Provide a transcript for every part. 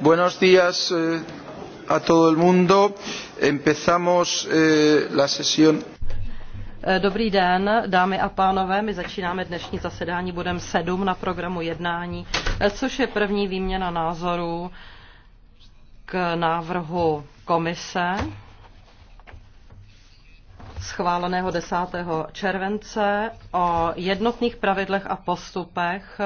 Buenos días eh, a todo el mundo. Empezamos eh, la sesión. Eh, dobrý den, dámy a pánové. My začínáme dnešní zasedání bodem 7 na programu jednání, což je první výměna názorů k návrhu komise schváleného 10. července o jednotných pravidlech a postupech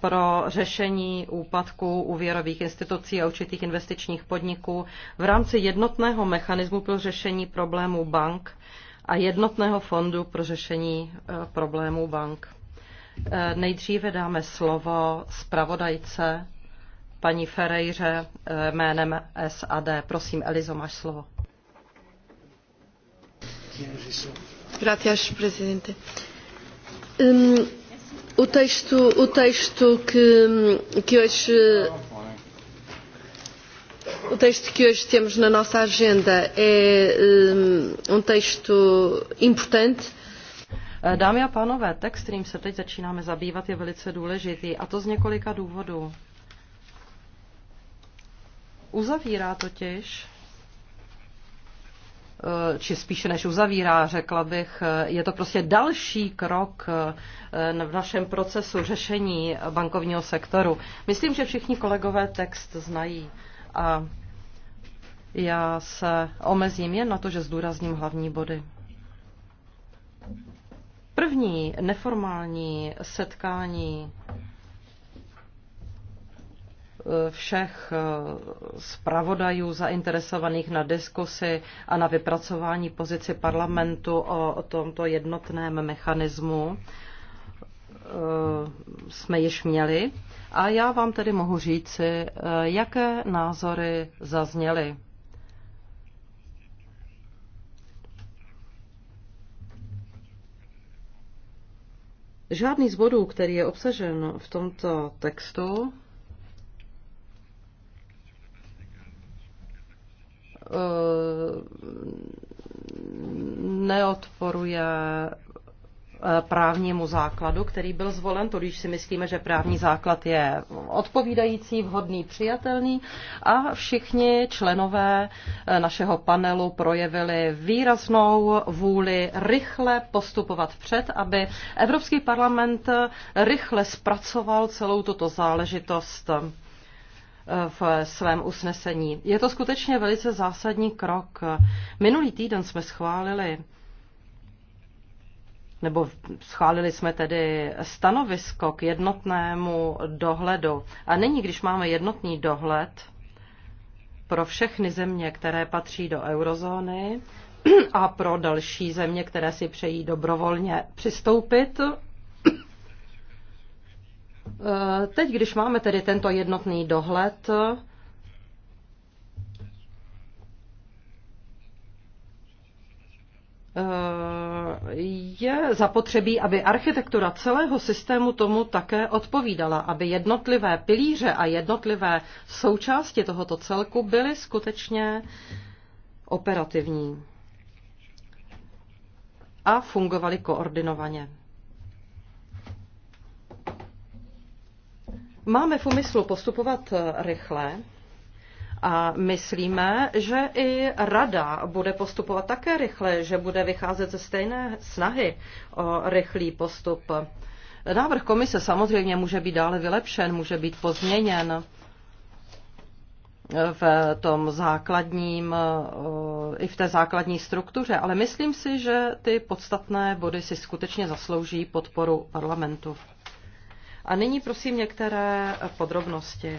pro řešení úpadku úvěrových institucí a určitých investičních podniků v rámci jednotného mechanismu pro řešení problémů bank a jednotného fondu pro řešení eh, problémů bank. Eh, nejdříve dáme slovo zpravodajce paní Ferejře eh, jménem SAD. Prosím, Elizo, máš slovo. Gracias, presidente. O texto, o texto que, que hoje. O texto que hoje temos na nossa agenda é um, um texto importante. Eh, dámy a pánové, text, kterým se teď začínáme zabývat, je velice důležitý, a to z několika důvodů. Uzavírá totiž Eh, či spíše než uzavírá, řekla bych, eh, je to prostě další krok eh, v našem procesu řešení bankovního sektoru. Myslím, že všichni kolegové text znají a já se omezím jen na to, že zdůrazním hlavní body. První neformální setkání všech eh, zpravodajů zainteresovaných na diskusi a na vypracování pozici parlamentu o tomto jednotném mechanismu eh, jsme již měli. A já vám tedy mohu říci, eh, jaké názory zazněly. Žádný z bodů, který je obsažen v tomto textu, Eh, neodporuje eh, právnímu základu, který byl zvolen, když si myslíme, že právní základ je odpovídající, vhodný, přijatelný a všichni členové eh, našeho panelu projevili výraznou vůli rychle postupovat před, aby Evropský parlament rychle zpracoval celou tuto záležitost v svém usnesení. Je to skutečně velice zásadní krok. Minulý týden jsme schválili nebo schválili jsme tedy stanovisko k jednotnému dohledu. A nyní, když máme jednotný dohled pro všechny země, které patří do eurozóny a pro další země, které si přejí dobrovolně přistoupit Eh, teď, když máme tedy tento jednotný dohled, eh, je zapotřebí, aby architektura celého systému tomu také odpovídala, aby jednotlivé pilíře a jednotlivé součásti tohoto celku byly skutečně operativní a fungovaly koordinovaně. Máme v úmyslu postupovat eh, rychle a myslíme, že i rada bude postupovat také rychle, že bude vycházet ze stejné snahy o rychlý postup. Návrh komise samozřejmě může být dále vylepšen, může být pozměněn eh, v tom základním, eh, i v té základní struktuře, ale myslím si, že ty podstatné body si skutečně zaslouží podporu parlamentu. A nyní prosím některé podrobnosti.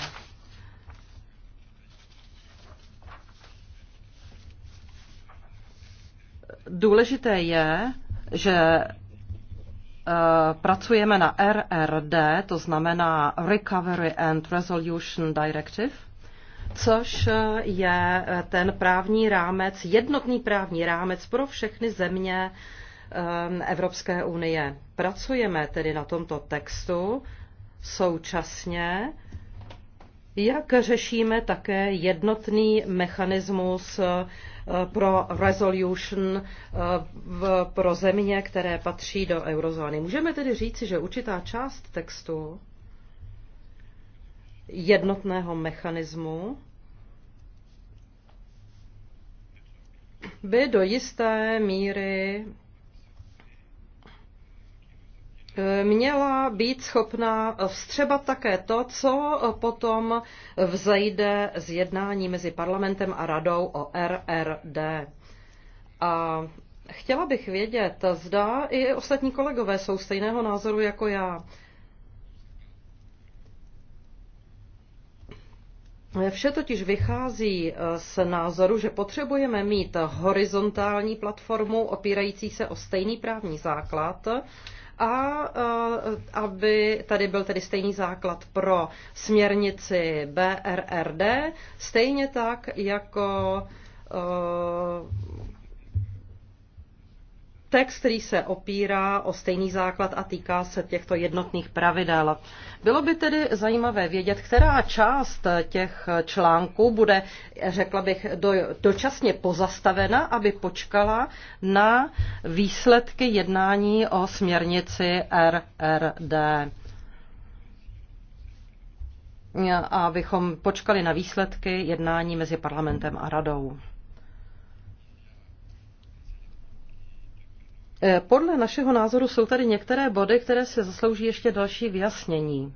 Důležité je, že eh, pracujeme na RRD, to znamená Recovery and Resolution Directive, což eh, je eh, ten právní rámec, jednotný právní rámec pro všechny země Evropské unie. Pracujeme tedy na tomto textu současně, jak řešíme také jednotný mechanismus eh, pro resolution eh, pro země, které patří do eurozóny. Můžeme tedy říci, že určitá část textu jednotného mechanismu by do jisté míry Eh, měla být schopná vstřebat také to, co potom vzejde z jednání mezi parlamentem a radou o RRD. A chtěla bych vědět, zda i ostatní kolegové jsou stejného názoru jako já. Vše totiž vychází eh, z názoru, že potřebujeme mít horizontální platformu opírající se o stejný právní základ, a eh, aby tady byl tedy stejný základ pro směrnici BRRD, stejně tak jako eh, text, který se opírá o stejný základ a týká se těchto jednotných pravidel. Bylo by tedy zajímavé vědět, která část těch článků bude, řekla bych, do, dočasně pozastavena, aby počkala na výsledky jednání o směrnici RRD. A abychom počkali na výsledky jednání mezi parlamentem a radou. Eh, podle našeho názoru jsou tady některé body, které se zaslouží ještě další vyjasnění.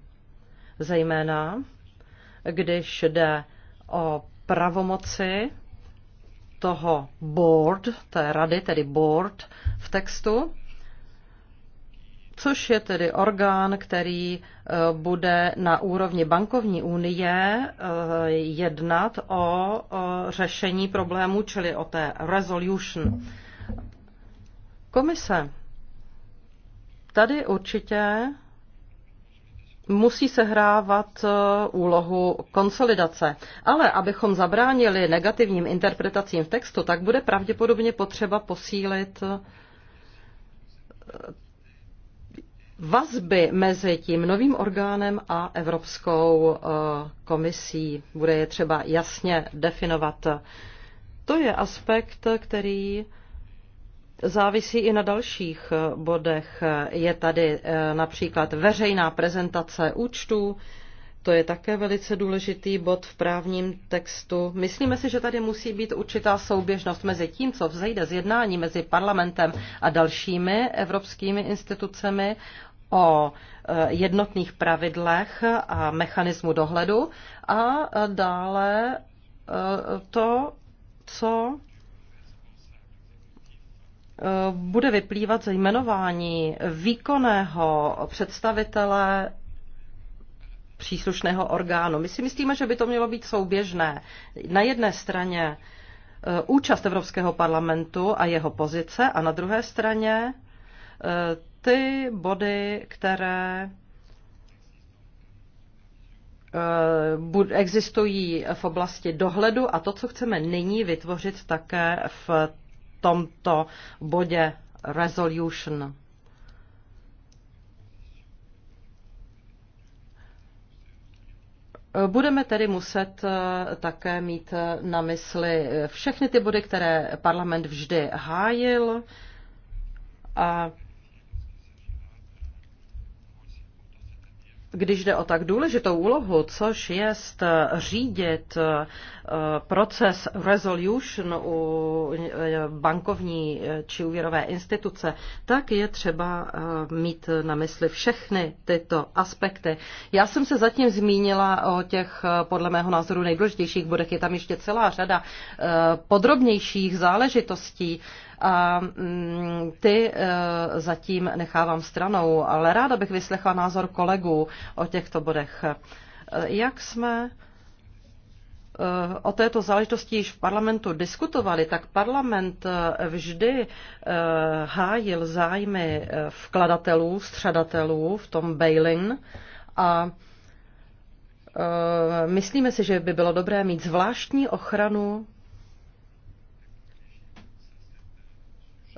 Zejména, když jde o pravomoci toho board, té rady, tedy board v textu, což je tedy orgán, který eh, bude na úrovni bankovní unie eh, jednat o řešení problémů, čili o té resolution Komise. Tady určitě musí sehrávat eh, úlohu konsolidace. Ale abychom zabránili negativním interpretacím v textu, tak bude pravděpodobně potřeba posílit eh, vazby mezi tím novým orgánem a Evropskou eh, komisí. Bude je třeba jasně definovat. To je aspekt, který závisí i na dalších eh, bodech. Je tady eh, například veřejná prezentace účtů, to je také velice důležitý bod v právním textu. Myslíme si, že tady musí být určitá souběžnost mezi tím, co vzejde z jednání mezi parlamentem a dalšími evropskými institucemi o eh, jednotných pravidlech a mechanismu dohledu a dále to, co Eh, bude vyplývat ze jmenování výkonného představitele příslušného orgánu. My si myslíme, že by to mělo být souběžné. Na jedné straně eh, účast Evropského parlamentu a jeho pozice a na druhé straně eh, ty body, které existují v oblasti dohledu a to, co chceme nyní vytvořit také v tomto bodě resolution. Budeme tedy muset eh, také mít eh, na mysli eh, všechny ty body, které parlament vždy hájil a když jde o tak důležitou úlohu, což je řídit eh, proces resolution u eh, bankovní eh, či úvěrové instituce, tak je třeba mít na mysli všechny tyto aspekty. Já jsem se zatím zmínila o těch, podle mého názoru, nejdůležitějších bodech. Je tam ještě celá řada podrobnějších záležitostí, a mm, ty e, zatím nechávám stranou, ale ráda bych vyslechla názor kolegů o těchto bodech. E, jak jsme e, o této záležitosti již v parlamentu diskutovali, tak parlament vždy hájil zájmy vkladatelů, středatelů v tom bailing a myslíme si, že by bylo dobré mít zvláštní ochranu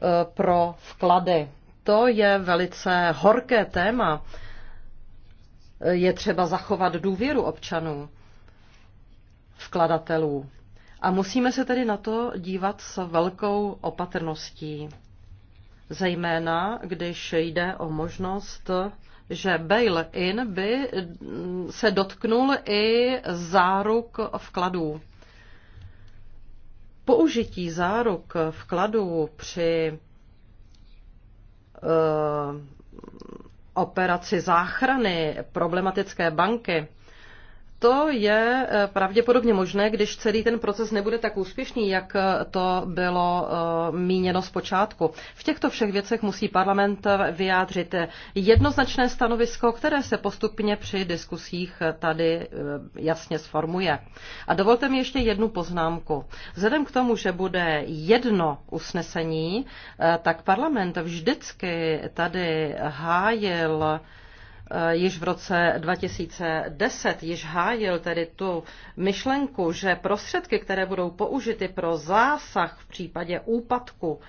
E, pro vklady. To je velice horké téma. Je třeba zachovat důvěru občanů, vkladatelů. A musíme se tedy na to dívat s velkou opatrností. Zejména, když jde o možnost, že bail-in by se dotknul i záruk vkladů použití záruk vkladů při eh, operaci záchrany problematické banky to je eh, pravděpodobně možné, když celý ten proces nebude tak úspěšný, jak eh, to bylo eh, míněno zpočátku. V těchto všech věcech musí parlament vyjádřit jednoznačné stanovisko, které se postupně při diskusích tady jasně sformuje. A dovolte mi ještě jednu poznámku. Vzhledem k tomu, že bude jedno usnesení, tak parlament vždycky tady hájil Eh, již v roce 2010 již hájil tedy tu myšlenku, že prostředky, které budou použity pro zásah v případě úpadku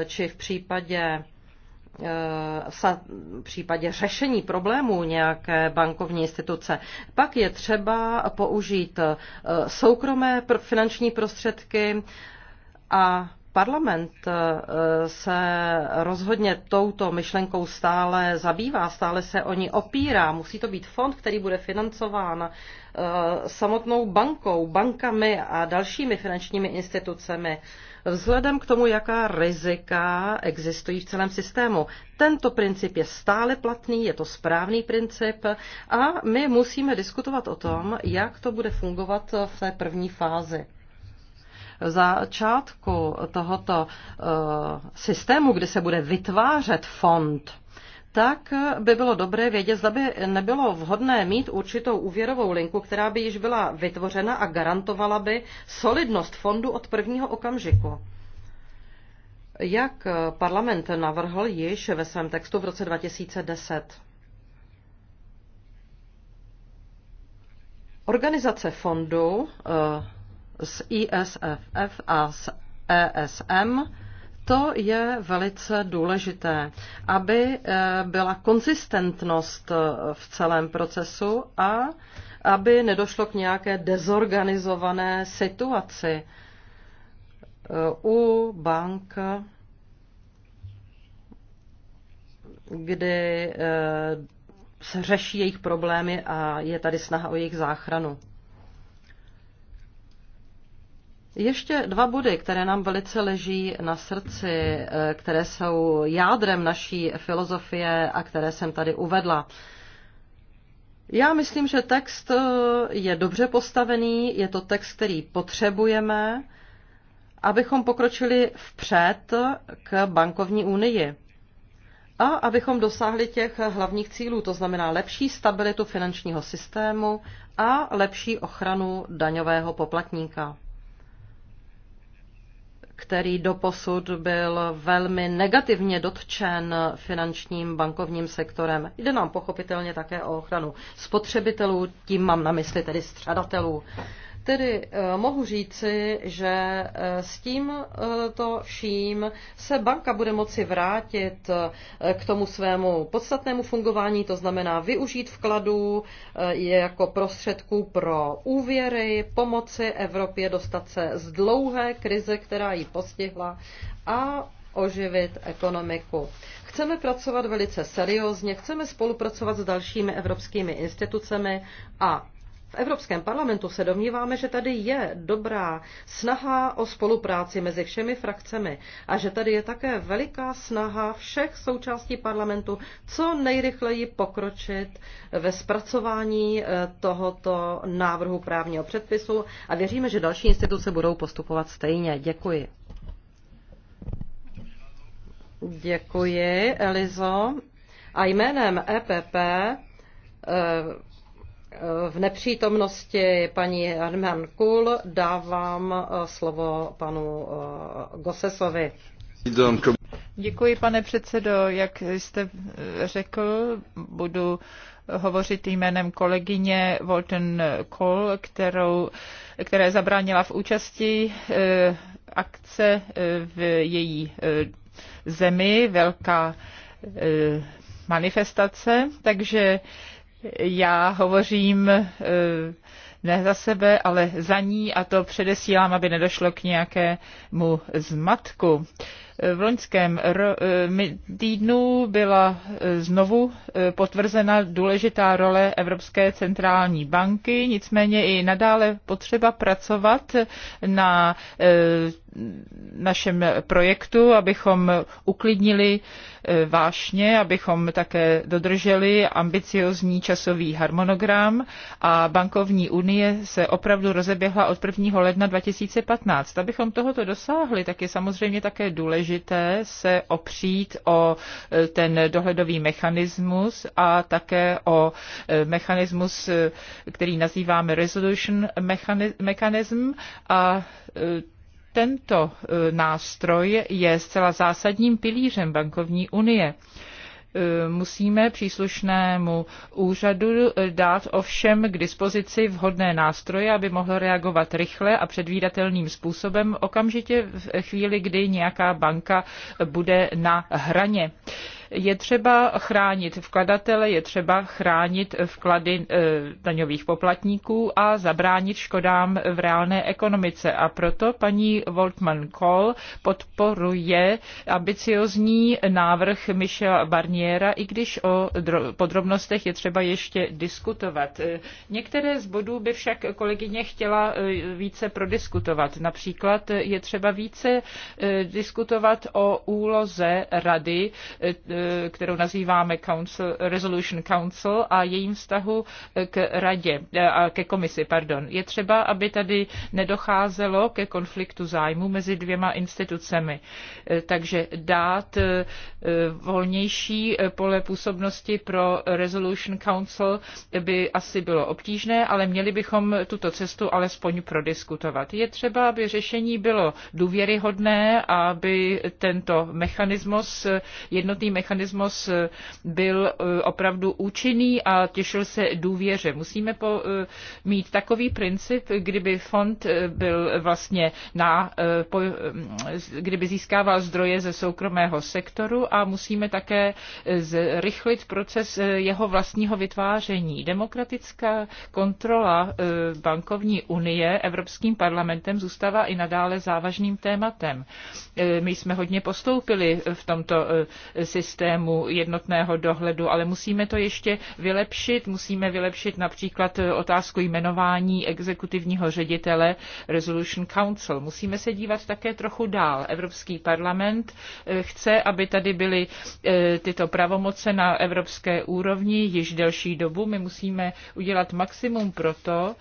eh, či v případě eh, v případě řešení problémů nějaké bankovní instituce, pak je třeba použít soukromé finanční prostředky a Parlament eh, se rozhodně touto myšlenkou stále zabývá, stále se o ní opírá. Musí to být fond, který bude financován eh, samotnou bankou, bankami a dalšími finančními institucemi. Vzhledem k tomu, jaká rizika existují v celém systému, tento princip je stále platný, je to správný princip a my musíme diskutovat o tom, jak to bude fungovat v té první fázi začátku tohoto eh, systému, kdy se bude vytvářet fond, tak by bylo dobré vědět, zda by nebylo vhodné mít určitou úvěrovou linku, která by již byla vytvořena a garantovala by solidnost fondu od prvního okamžiku. Jak parlament navrhl již ve svém textu v roce 2010. Organizace fondu eh, s ISFF a s ESM, to je velice důležité, aby eh, byla konzistentnost eh, v celém procesu a aby nedošlo k nějaké dezorganizované situaci eh, u bank, kdy se řeší jejich problémy a je tady snaha o jejich záchranu. Ještě dva body, které nám velice leží na srdci, eh, které jsou jádrem naší filozofie a které jsem tady uvedla. Já myslím, že text eh, je dobře postavený, je to text, který potřebujeme, abychom pokročili vpřed k bankovní unii a abychom dosáhli těch hlavních cílů, to znamená lepší stabilitu finančního systému a lepší ochranu daňového poplatníka který doposud byl velmi negativně dotčen finančním bankovním sektorem. Jde nám pochopitelně také o ochranu spotřebitelů, tím mám na mysli tedy střadatelů. Tedy eh, mohu říci, že eh, s tím eh, to vším se banka bude moci vrátit k tomu svému podstatnému fungování, to znamená využít vkladů je jako prostředku pro úvěry, pomoci Evropě dostat se z dlouhé krize, která ji postihla a oživit ekonomiku. Chceme pracovat velice seriózně, chceme spolupracovat s dalšími evropskými institucemi a v Evropském parlamentu se domníváme, že tady je dobrá snaha o spolupráci mezi všemi frakcemi a že tady je také veliká snaha všech součástí parlamentu co nejrychleji pokročit ve zpracování eh, tohoto návrhu právního předpisu a věříme, že další instituce budou postupovat stejně. Děkuji. Děkuji, Elizo. A jménem EPP v nepřítomnosti paní Herman Kul dávám eh, slovo panu eh, Gosesovi. Děkuji, pane předsedo. Jak jste eh, řekl, budu hovořit jménem kolegyně Walton Cole, kterou, které zabránila v účasti akce v její zemi, velká manifestace. Takže já hovořím eh, ne za sebe, ale za ní a to předesílám, aby nedošlo k nějakému zmatku. V loňském eh, týdnu byla eh, znovu eh, potvrzena důležitá role Evropské centrální banky, nicméně i nadále potřeba pracovat na našem projektu, abychom uklidnili vášně, abychom také dodrželi ambiciozní časový harmonogram a bankovní unie se opravdu rozeběhla od 1. ledna 2015. Abychom tohoto dosáhli, tak je samozřejmě také důležité, důležité se opřít o e, ten dohledový mechanismus a také o e, mechanismus, e, který nazýváme resolution mechanism a tento nástroj je zcela zásadním pilířem bankovní unie. E, musíme příslušnému úřadu e, dát ovšem k dispozici vhodné nástroje, aby mohl reagovat rychle a předvídatelným způsobem okamžitě v chvíli, kdy nějaká banka bude na hraně. Je třeba chránit vkladatele, je třeba chránit vklady eh, daňových poplatníků a zabránit škodám v reálné ekonomice. A proto paní Voltman Kohl podporuje ambiciozní návrh Michela Barniera, i když o podrobnostech je třeba ještě diskutovat. Eh, některé z bodů by však kolegyně chtěla eh, více prodiskutovat. Například je třeba více diskutovat o úloze rady kterou nazýváme Council, Resolution Council a jejím vztahu k radě eh, a ke komisi. Pardon. Je třeba, aby tady nedocházelo ke konfliktu zájmu mezi dvěma institucemi. Eh, takže dát eh, volnější pole působnosti pro Resolution Council by asi bylo obtížné, ale měli bychom tuto cestu alespoň prodiskutovat. Je třeba, aby řešení bylo důvěryhodné a aby tento mechanismus, jednotný mechanismus, mechanismus eh, byl eh, opravdu účinný a těšil se důvěře. Musíme po, eh, mít takový princip, kdyby fond byl vlastně na, po, kdyby získával zdroje ze soukromého sektoru a musíme také zrychlit proces jeho vlastního vytváření. Demokratická kontrola bankovní unie Evropským parlamentem zůstává i nadále závažným tématem. My jsme hodně postoupili v tomto systému systému jednotného dohledu, ale musíme to ještě vylepšit. Musíme vylepšit například eh, otázku jmenování exekutivního ředitele Resolution Council. Musíme se dívat také trochu dál. Evropský parlament eh, chce, aby tady byly eh, tyto pravomoce na evropské úrovni již delší dobu. My musíme udělat maximum pro to,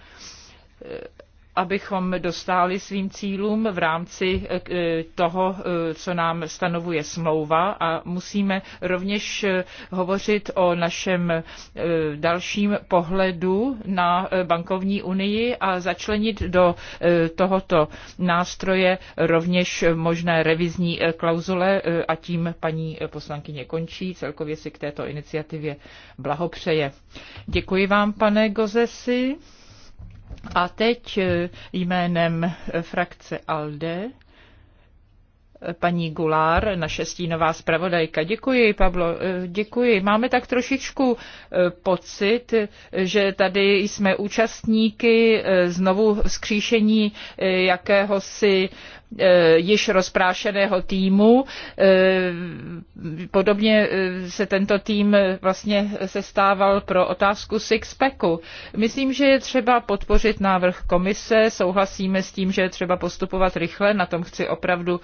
abychom dostáli svým cílům v rámci eh, eh, toho, eh, co nám stanovuje smlouva a musíme rovněž hovořit o našem dalším pohledu na bankovní unii a začlenit do tohoto nástroje rovněž možné revizní klauzule a tím paní poslankyně končí. Celkově si k této iniciativě blahopřeje. Děkuji vám, pane Gozesi. A teď eh, jménem frakce ALDE paní Gulár, naše stínová zpravodajka. Děkuji, Pablo, eh, děkuji. Máme tak trošičku eh, pocit, že tady jsme účastníky eh, znovu vzkříšení jakéhosi již rozprášeného týmu. Podobně se tento tým vlastně sestával pro otázku Sixpacku. Myslím, že je třeba podpořit návrh komise, souhlasíme s tím, že je třeba postupovat rychle, na tom chci opravdu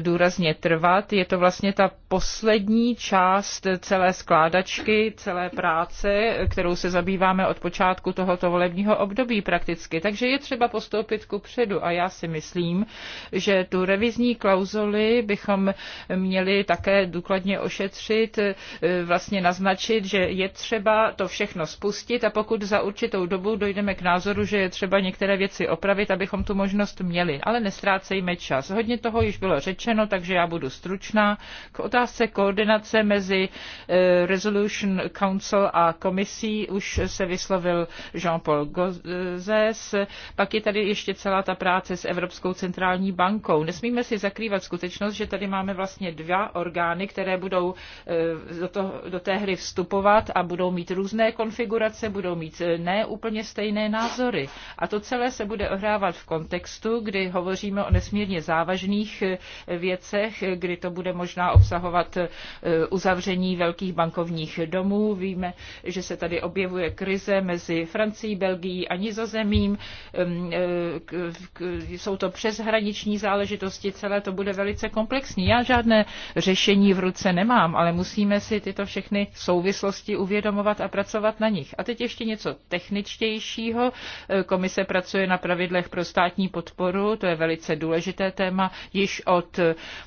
důrazně trvat. Je to vlastně ta poslední část celé skládačky, celé práce, kterou se zabýváme od počátku tohoto volebního období prakticky. Takže je třeba postoupit ku předu a já si myslím, že tu revizní klauzuli bychom měli také důkladně ošetřit, eh, vlastně naznačit, že je třeba to všechno spustit a pokud za určitou dobu dojdeme k názoru, že je třeba některé věci opravit, abychom tu možnost měli. Ale nestrácejme čas. Hodně toho již bylo řečeno řečeno, takže já budu stručná. K otázce koordinace mezi eh, Resolution Council a komisí už se vyslovil Jean-Paul Gozes. Pak je tady ještě celá ta práce s Evropskou centrální bankou. Nesmíme si zakrývat skutečnost, že tady máme vlastně dva orgány, které budou eh, do, to, do té hry vstupovat a budou mít různé konfigurace, budou mít eh, ne úplně stejné názory. A to celé se bude ohrávat v kontextu, kdy hovoříme o nesmírně závažných věcech, kdy to bude možná obsahovat e, uzavření velkých bankovních domů. Víme, že se tady objevuje krize mezi Francií, Belgií a Nizozemím. E, jsou to přeshraniční záležitosti, celé to bude velice komplexní. Já žádné řešení v ruce nemám, ale musíme si tyto všechny souvislosti uvědomovat a pracovat na nich. A teď ještě něco techničtějšího. E, komise pracuje na pravidlech pro státní podporu, to je velice důležité téma, již od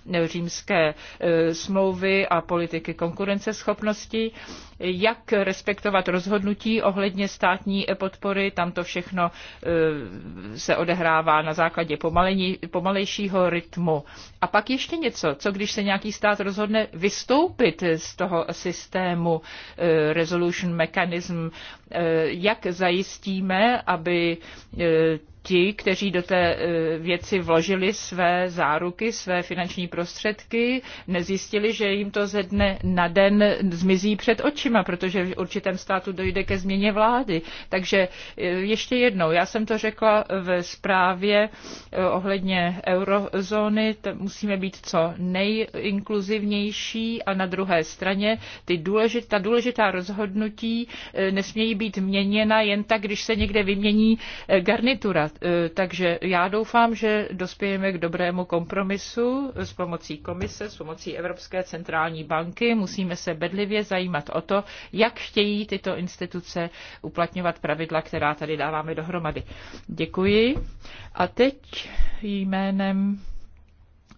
Eh, římské eh, smlouvy a politiky konkurenceschopnosti, jak respektovat rozhodnutí ohledně státní podpory. Tam to všechno eh, se odehrává na základě pomalení, pomalejšího rytmu. A pak ještě něco, co když se nějaký stát rozhodne vystoupit z toho systému resolution mechanism, jak zajistíme, aby ti, kteří do té e, věci vložili své záruky, své finanční prostředky, nezjistili, že jim to ze dne na den zmizí před očima, protože v určitém státu dojde ke změně vlády. Takže e, ještě jednou, já jsem to řekla ve zprávě e, ohledně eurozóny, musíme být co nejinkluzivnější a na druhé straně ty důležit, ta důležitá rozhodnutí nesmějí být měněna jen tak, když se někde vymění garnitura. Eh, takže já doufám, že dospějeme k dobrému kompromisu s pomocí komise, s pomocí Evropské centrální banky. Musíme se bedlivě zajímat o to, jak chtějí tyto instituce uplatňovat pravidla, která tady dáváme dohromady. Děkuji. A teď jménem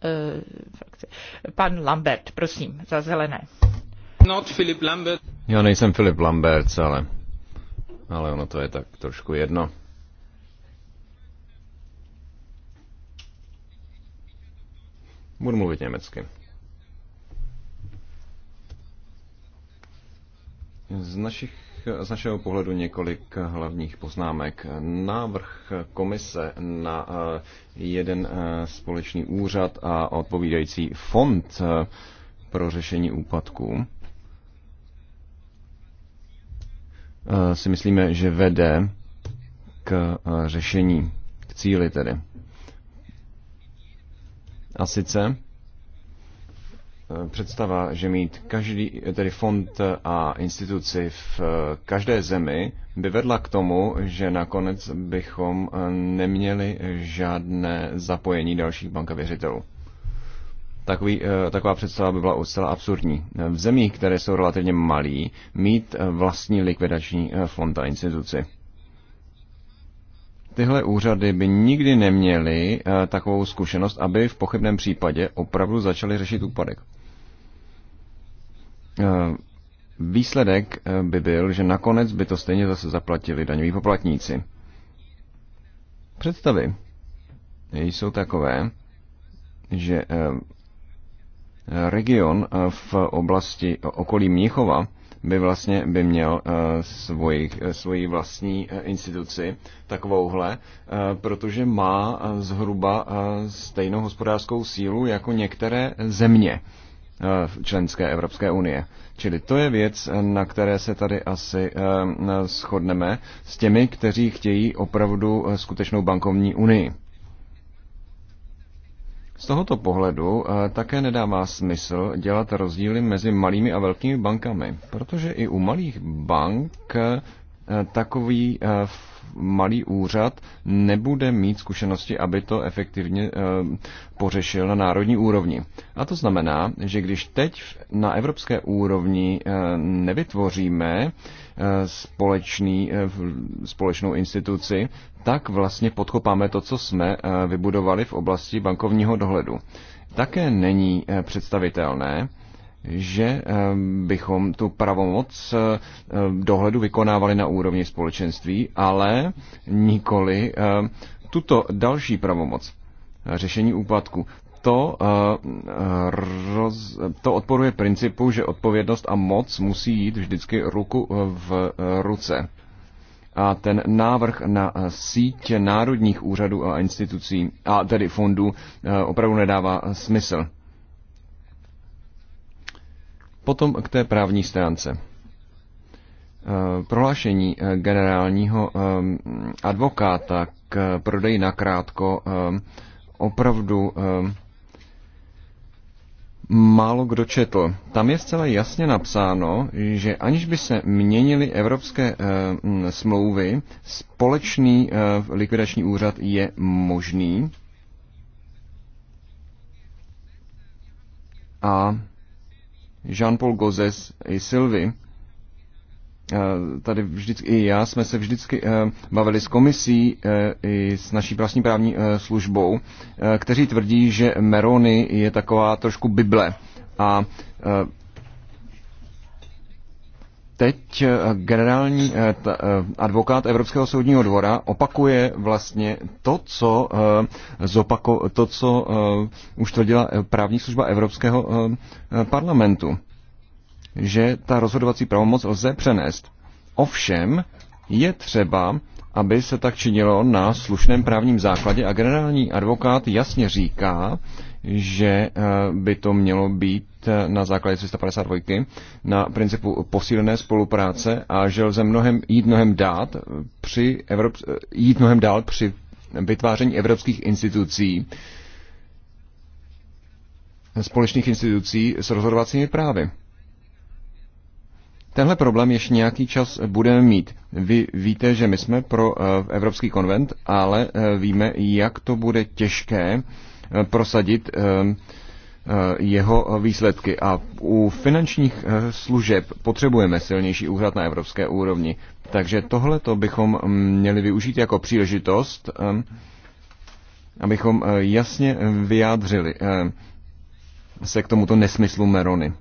eh, pan Lambert, prosím, za zelené. Not Philip Lambert. Já nejsem Filip Lambert, ale, ale ono to je tak trošku jedno. Budu mluvit německy. Z, našich, z našeho pohledu několik hlavních poznámek. Návrh komise na eh, jeden eh, společný úřad a odpovídající fond eh, pro řešení úpadků si myslíme, že vede k řešení, k cíli tedy. A sice e, představa, že mít každý, tedy fond a instituci v e, každé zemi by vedla k tomu, že nakonec bychom e, neměli žádné zapojení dalších bank věřitelů. Takový, taková představa by byla zcela absurdní. V zemích, které jsou relativně malí, mít vlastní likvidační fond a instituci tyhle úřady by nikdy neměly eh, takovou zkušenost, aby v pochybném případě opravdu začaly řešit úpadek. Eh, výsledek eh, by byl, že nakonec by to stejně zase zaplatili daňoví poplatníci. Představy jsou takové, že region v oblasti okolí Mnichova by vlastně by měl eh, svoji, eh, svoji vlastní eh, instituci takovouhle, protože má zhruba stejnou hospodářskou sílu jako některé země členské Evropské unie. Čili to je věc, na které se tady asi shodneme s těmi, kteří chtějí opravdu skutečnou bankovní unii. Z tohoto pohledu eh, také nedává smysl dělat rozdíly mezi malými a velkými bankami, protože i u malých bank eh, takový eh, malý úřad nebude mít zkušenosti, aby to efektivně eh, pořešil na národní úrovni. A to znamená, že když teď na evropské úrovni eh, nevytvoříme eh, společný, společnou instituci, tak vlastně podkopáme to, co jsme vybudovali v oblasti bankovního dohledu. Také není představitelné, že eh, bychom tu pravomoc eh, dohledu vykonávali na úrovni společenství, ale nikoli eh, tuto další pravomoc řešení úpadku. To, roz, to odporuje principu, že odpovědnost a moc musí jít vždycky ruku v ruce. A ten návrh na síť národních úřadů a institucí, a tedy fondů, opravdu nedává smysl Potom k té právní stránce. E, prohlášení e, generálního e, advokáta k prodeji nakrátko opravdu málo kdo četl. Tam je zcela jasně napsáno, že aniž by se měnily evropské smlouvy, společný likvidační úřad je možný. A Jean-Paul Gozes i Sylvie, eh, tady vždycky, i já jsme se vždycky eh, bavili s komisí eh, i s naší vlastní právní službou, kteří tvrdí, že Merony je taková trošku Bible. A teď eh, generální eh, eh, advokát Evropského soudního dvora opakuje vlastně to, co, zopako, to, co už tvrdila právní služba Evropského parlamentu, že ta rozhodovací pravomoc lze přenést. Ovšem je třeba, aby se tak činilo na slušném právním základě a generální advokát jasně říká, že by to mělo být Eh, na základě 352 na principu posílené spolupráce a že lze mnohem, jít mnohem dát eh, při Evrop, eh, jít mnohem dál při vytváření evropských institucí, společných institucí s rozhodovacími právy. Tenhle problém ještě nějaký čas budeme mít. Vy víte, že my jsme pro Evropský konvent, ale víme, jak to bude těžké prosadit Eh, jeho výsledky. A u finančních eh, služeb potřebujeme silnější úhrad na evropské úrovni. Takže tohle to bychom měli využít jako příležitost, eh, abychom jasně vyjádřili se k tomuto nesmyslu Merony.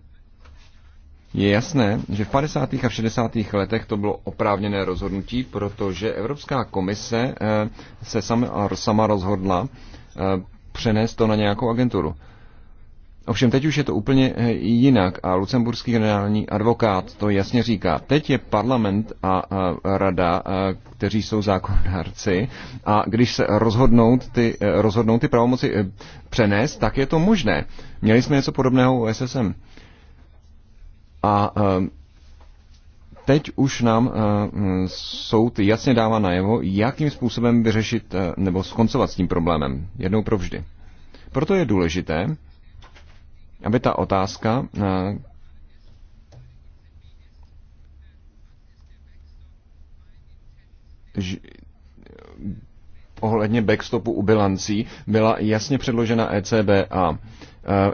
Je jasné, že v 50. a v 60. letech to bylo oprávněné rozhodnutí, protože Evropská komise se sama rozhodla přenést to na nějakou agenturu. Ovšem teď už je to úplně eh, jinak a lucemburský generální advokát to jasně říká. Teď je parlament a rada, eh, kteří jsou zákonárci a když se rozhodnou ty, eh, rozhodnou ty pravomoci přenést, tak je to možné. Měli jsme něco podobného u SSM. A teď už nám mm, soud jasně dává najevo, jakým způsobem vyřešit nebo skoncovat s tím problémem jednou provždy. Proto je důležité, aby ta otázka, eh, že, ohledně backstopu u bilancí byla jasně předložena ECB a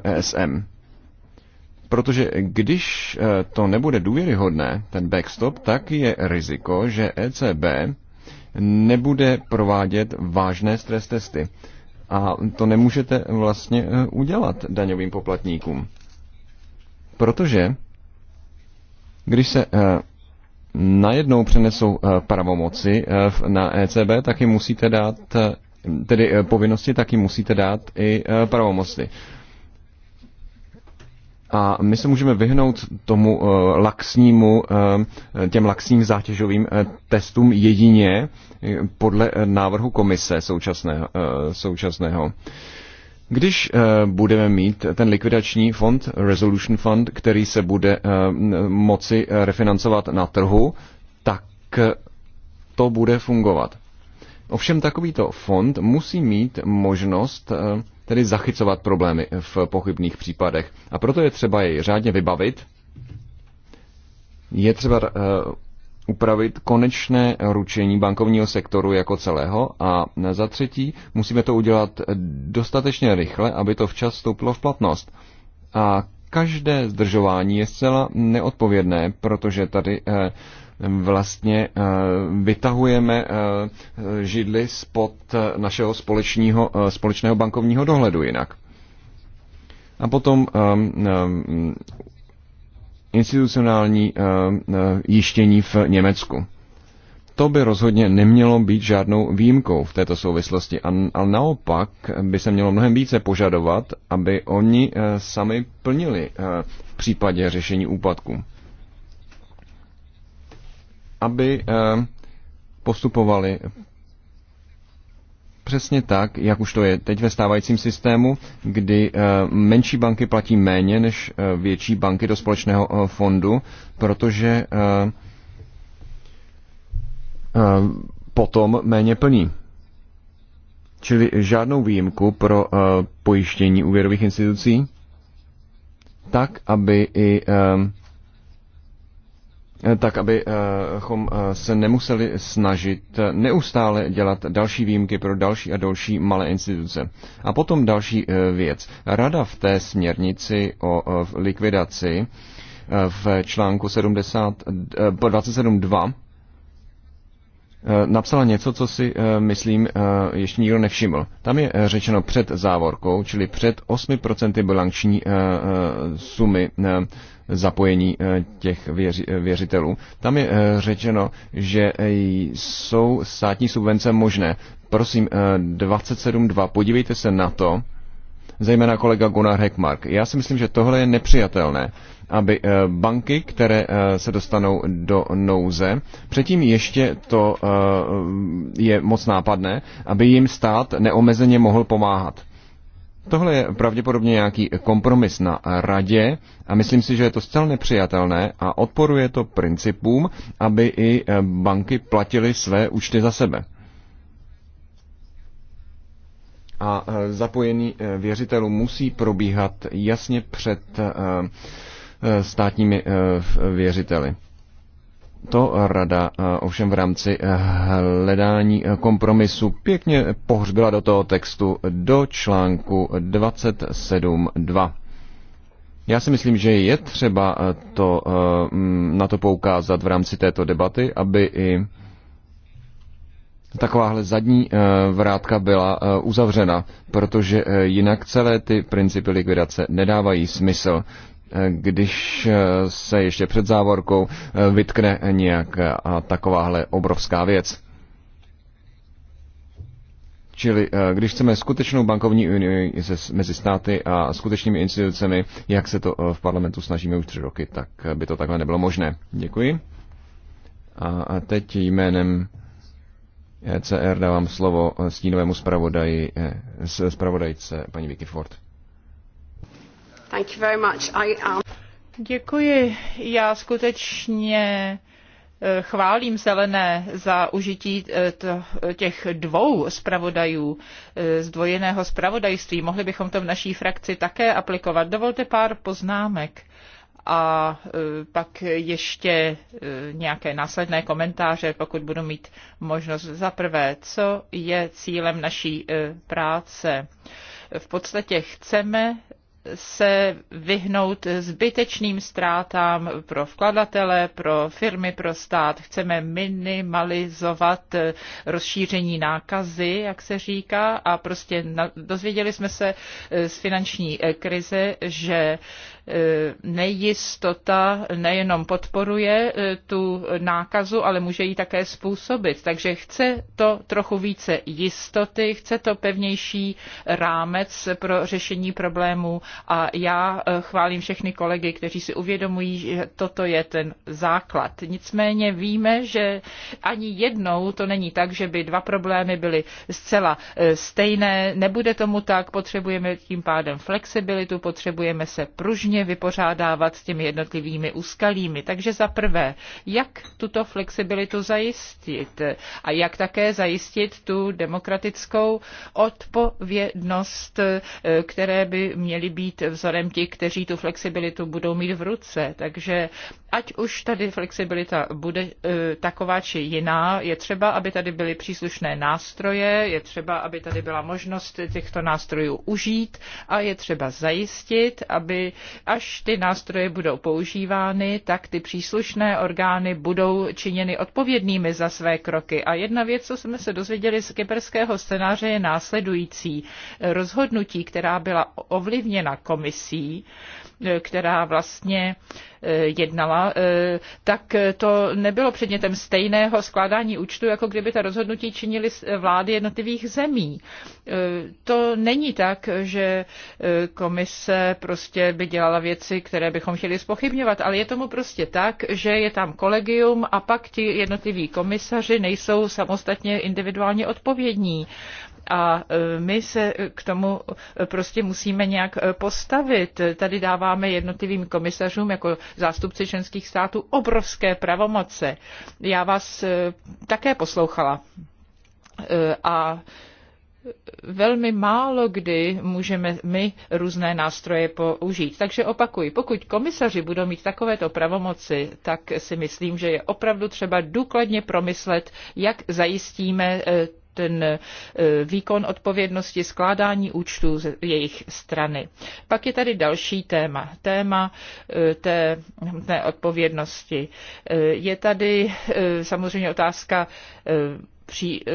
ESM. Eh, e Protože když eh, to nebude důvěryhodné, ten backstop, tak je riziko, že ECB nebude provádět vážné stres testy. A to nemůžete vlastně eh, udělat daňovým poplatníkům. Protože když se eh, najednou přenesou eh, pravomoci na ECB, tak jim musíte dát, tedy povinnosti, tak jim musíte dát i pravomoci. A my se můžeme vyhnout tomu eh, laxnímu, eh, těm laxním zátěžovým eh, testům jedině podle návrhu komise současného. současného. Když budeme mít ten likvidační fond, Resolution Fund, který se bude moci refinancovat na trhu, tak to bude fungovat. Ovšem takovýto fond musí mít možnost tedy zachycovat problémy v pochybných případech. A proto je třeba jej řádně vybavit, je třeba eh, upravit konečné ručení bankovního sektoru jako celého a za třetí musíme to udělat dostatečně rychle, aby to včas vstoupilo v platnost. A každé zdržování je zcela neodpovědné, protože tady eh, vlastně eh, vytahujeme eh, židly spod eh, našeho společního, společného bankovního dohledu jinak. A potom institucionální jištění v Německu. To by rozhodně nemělo být žádnou výjimkou v této souvislosti, ale naopak by se mělo mnohem více požadovat, aby oni sami plnili v případě řešení úpadku aby eh, postupovali přesně tak, jak už to je teď ve stávajícím systému, kdy eh, menší banky platí méně než eh, větší banky do společného fondu, protože potom méně plní. Čili žádnou výjimku pro pojištění úvěrových institucí, tak aby i Eh, tak abychom eh, se nemuseli snažit eh, neustále dělat další výjimky pro další a další malé instituce. A potom další věc. Rada v té směrnici o likvidaci v článku 27.2 napsala něco, co si, myslím, ještě nikdo nevšiml. Tam je řečeno před závorkou, čili před 8% bilanční sumy zapojení eh, těch věři, eh, věřitelů. Tam je eh, řečeno, že jsou státní subvence možné. Prosím, 27.2, podívejte se na to, zejména kolega Gunnar Heckmark. Já si myslím, že tohle je nepřijatelné, aby banky, které se dostanou do nouze, předtím ještě to je moc nápadné, aby jim stát neomezeně mohl pomáhat. Tohle je pravděpodobně nějaký kompromis na radě a myslím si, že je to zcela nepřijatelné a odporuje to principům, aby i eh, banky platily své účty za sebe. A eh, zapojení eh, věřitelů musí probíhat jasně před státními věřiteli to rada eh, ovšem v rámci eh, hledání eh, kompromisu pěkně pohřbila do toho textu do článku 27.2. Já si myslím, že je třeba to, mm, na to poukázat v rámci této debaty, aby i takováhle zadní vrátka byla uzavřena, protože jinak celé ty principy likvidace nedávají smysl když eh, se ještě před závorkou eh, vytkne nějak eh, takováhle obrovská věc. Čili když chceme skutečnou bankovní unii mezi státy a skutečnými institucemi, jak se to v parlamentu snažíme už tři roky, tak by to takhle nebylo možné. Děkuji. A teď jménem ECR dávám slovo stínovému zpravodaji, zpravodajce paní Vicky Ford. Um, Děkuji. Já skutečně eh, chválím zelené za užití eh, těch dvou zpravodajů eh, zdvojeného zpravodajství. Mohli bychom to v naší frakci také aplikovat. Dovolte pár poznámek a pak ještě nějaké následné komentáře, pokud budu mít možnost. Za prvé, co je cílem naší práce? V podstatě chceme se vyhnout zbytečným ztrátám pro vkladatele, pro firmy, pro stát. Chceme minimalizovat eh, rozšíření nákazy, jak se říká, a prostě dozvěděli jsme se eh, z finanční eh, krize, že nejistota nejenom podporuje e, tu nákazu, ale může ji také způsobit. Takže chce to trochu více jistoty, chce to pevnější rámec pro řešení problémů a já e, chválím všechny kolegy, kteří si uvědomují, že toto je ten základ. Nicméně víme, že ani jednou to není tak, že by dva problémy byly zcela e, stejné. Nebude tomu tak, potřebujeme tím pádem flexibilitu, potřebujeme se pružně efektivně vypořádávat s těmi jednotlivými úskalími. Takže za prvé, jak tuto flexibilitu zajistit a jak také zajistit tu demokratickou odpovědnost, které by měly být vzorem ti, kteří tu flexibilitu budou mít v ruce. Takže ať už tady flexibilita bude eh, taková či jiná, je třeba, aby tady byly příslušné nástroje, je třeba, aby tady byla možnost těchto nástrojů užít a je třeba zajistit, aby až ty nástroje budou používány, tak ty příslušné orgány budou činěny odpovědnými za své kroky. A jedna věc, co jsme se dozvěděli z kyperského scénáře, je následující. Rozhodnutí, která byla ovlivněna komisí, která vlastně eh, jednala, eh, tak to nebylo předmětem stejného skládání účtu, jako kdyby ta rozhodnutí činili vlády jednotlivých zemí. Eh, to není tak, že komise prostě by dělala věci, které bychom chtěli spochybňovat, ale je tomu prostě tak, že je tam kolegium a pak ti jednotliví komisaři nejsou samostatně individuálně odpovědní a e, my se k tomu e, prostě musíme nějak e, postavit. Tady dáváme jednotlivým komisařům jako zástupci členských států obrovské pravomoce. Já vás také poslouchala a velmi málo kdy můžeme my různé nástroje použít. Takže opakuji, pokud komisaři budou mít takovéto pravomoci, tak si myslím, že je opravdu třeba důkladně promyslet, jak zajistíme ten eh, výkon odpovědnosti, skládání účtů z jejich strany. Pak je tady další téma, téma eh, té, té odpovědnosti. Eh, je tady samozřejmě otázka při, eh,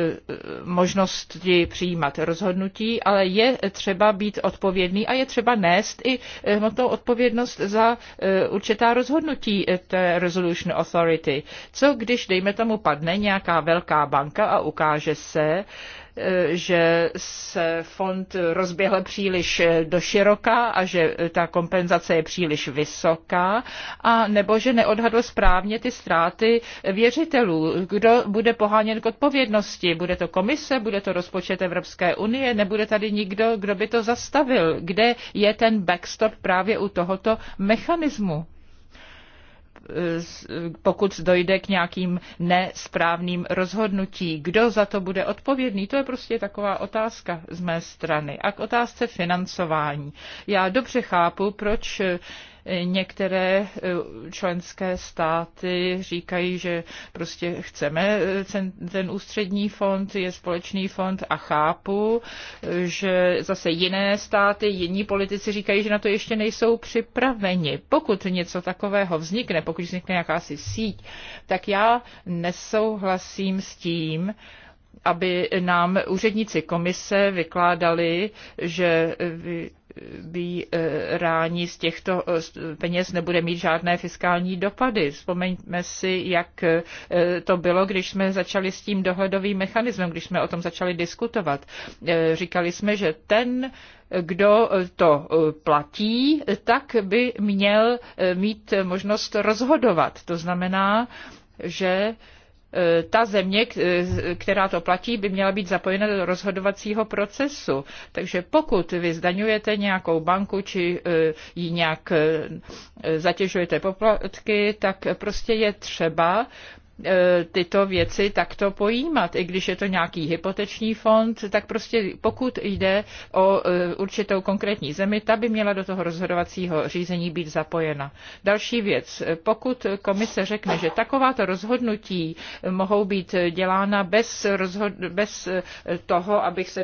možnosti přijímat rozhodnutí, ale je třeba být odpovědný a je třeba nést i eh, hmotnou odpovědnost za eh, určitá rozhodnutí té Resolution Authority. Co když, dejme tomu, padne nějaká velká banka a ukáže se, že se fond rozběhl příliš do široka a že ta kompenzace je příliš vysoká, a nebo že neodhadl správně ty ztráty věřitelů. Kdo bude poháněn k odpovědnosti? Bude to komise, bude to rozpočet Evropské unie, nebude tady nikdo, kdo by to zastavil? Kde je ten backstop právě u tohoto mechanismu? Eh, pokud dojde k nějakým nesprávným rozhodnutí. Kdo za to bude odpovědný? To je prostě taková otázka z mé strany. A k otázce financování. Já dobře chápu, proč Některé eh, členské státy říkají, že prostě chceme eh, ten ústřední fond, je společný fond a chápu, eh, že zase jiné státy, jiní politici říkají, že na to ještě nejsou připraveni. Pokud něco takového vznikne, pokud vznikne jakási síť, tak já nesouhlasím s tím, aby nám úředníci komise vykládali, že vybírání z těchto eh, peněz nebude mít žádné fiskální dopady. Vzpomeňme si, jak eh, to bylo, když jsme začali s tím dohledovým mechanismem, když jsme o tom začali diskutovat. Eh, říkali jsme, že ten kdo to platí, tak by měl mít možnost rozhodovat. To znamená, že E, ta země, e, která to platí, by měla být zapojena do rozhodovacího procesu. Takže pokud vy zdaňujete nějakou banku, či e, ji nějak zatěžujete poplatky, tak prostě je třeba E, tyto věci takto pojímat. I když je to nějaký hypoteční fond, tak prostě pokud jde o e, určitou konkrétní zemi, ta by měla do toho rozhodovacího řízení být zapojena. Další věc, pokud komise řekne, že takováto rozhodnutí mohou být dělána bez, rozhod- bez e, toho, abych se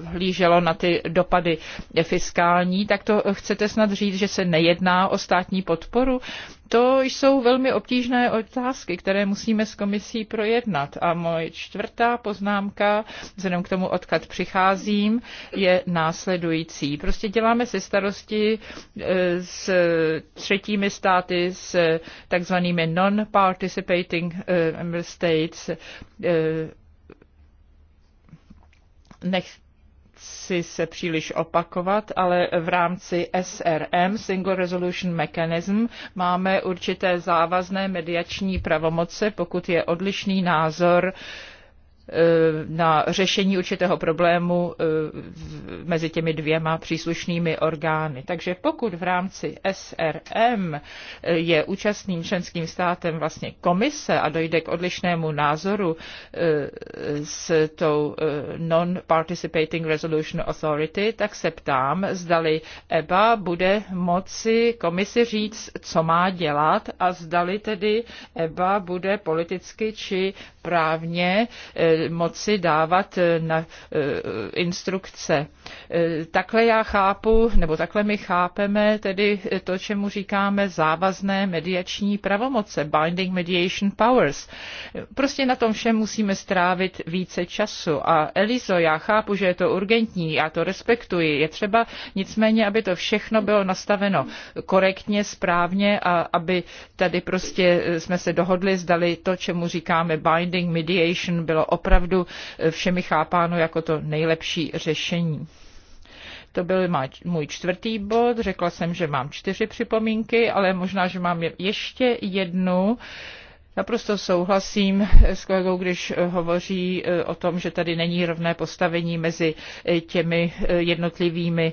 dohlíželo na ty dopady fiskální, tak to chcete snad říct, že se nejedná o státní podporu? To jsou velmi obtížné otázky, které musíme s komisí projednat. A moje čtvrtá poznámka, vzhledem k tomu, odkud přicházím, je následující. Prostě děláme si starosti e, s třetími státy, s takzvanými non-participating e, member states. E, nech, nechci se příliš opakovat, ale v rámci SRM, Single Resolution Mechanism, máme určité závazné mediační pravomoce, pokud je odlišný názor Eh, na řešení určitého problému eh, mezi těmi dvěma příslušnými orgány. Takže pokud v rámci SRM eh, je účastným členským státem vlastně komise a dojde k odlišnému názoru s tou Non-Participating Resolution Authority, tak se ptám, zdali EBA bude moci komisi říct, co má dělat a zdali tedy EBA bude politicky či právně eh, moci dávat eh, na eh, instrukce. Takhle já chápu, nebo takhle my chápeme tedy to, čemu říkáme závazné mediační pravomoce, binding mediation powers. Prostě na tom všem musíme strávit více času. A Elizo, já chápu, že je to urgentní, já to respektuji. Je třeba nicméně, aby to všechno bylo nastaveno korektně, správně a aby tady prostě jsme se dohodli, zdali to, čemu říkáme binding ending mediation bylo opravdu eh, všemi chápáno jako to nejlepší řešení. To byl můj čtvrtý bod. Řekla jsem, že mám čtyři připomínky, ale možná, že mám ještě jednu. Naprosto souhlasím eh, s kolegou, když eh, hovoří o tom, že tady není rovné postavení mezi těmi jednotlivými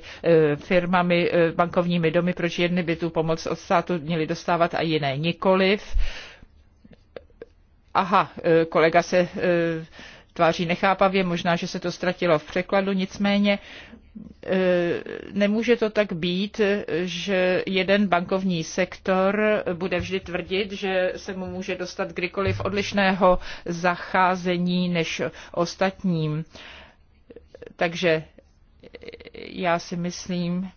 firmami, bankovními domy, proč jedny by tu pomoc od státu měly dostávat a jiné nikoliv. Aha, e, kolega se e, tváří nechápavě, možná, že se to ztratilo v překladu, nicméně e, nemůže to tak být, že jeden bankovní sektor bude vždy tvrdit, že se mu může dostat kdykoliv odlišného zacházení než ostatním. Takže já si myslím,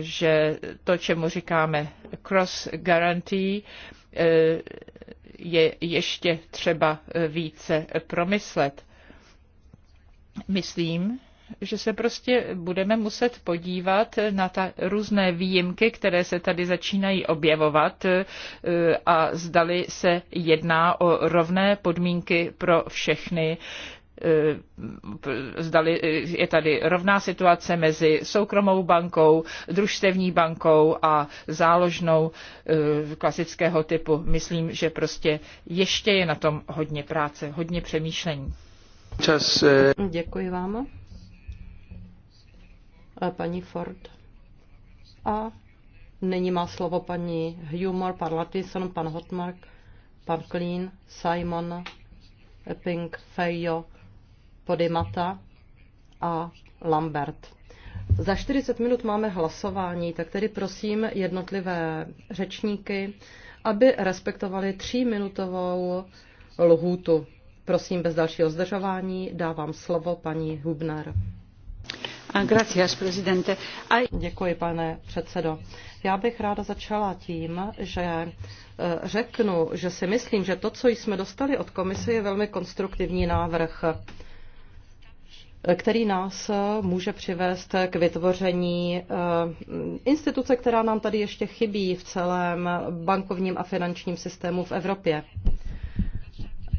že to, čemu říkáme cross guarantee, je ještě třeba eh, více eh, promyslet. Myslím, že se prostě budeme muset podívat eh, na ta různé výjimky, které se tady začínají objevovat a zdali se jedná o rovné podmínky pro všechny Eh, zdali eh, je tady rovná situace mezi soukromou bankou, družstevní bankou a záložnou eh, klasického typu. Myslím, že prostě ještě je na tom hodně práce, hodně přemýšlení. Čas. Děkuji vám. A paní Ford. A nyní má slovo paní Humor, pan Latison, pan Hotmark, pan Klein, Simon, Pink, Fejo Podimata a Lambert. Za 40 minut máme hlasování, tak tedy prosím jednotlivé řečníky, aby respektovali tříminutovou lhůtu. Prosím, bez dalšího zdržování dávám slovo paní Hubner. Děkuji, pane předsedo. Já bych ráda začala tím, že eh, řeknu, že si myslím, že to, co jsme dostali od komise, je velmi konstruktivní návrh který nás eh, může přivést k vytvoření eh, instituce, která nám tady ještě chybí v celém bankovním a finančním systému v Evropě.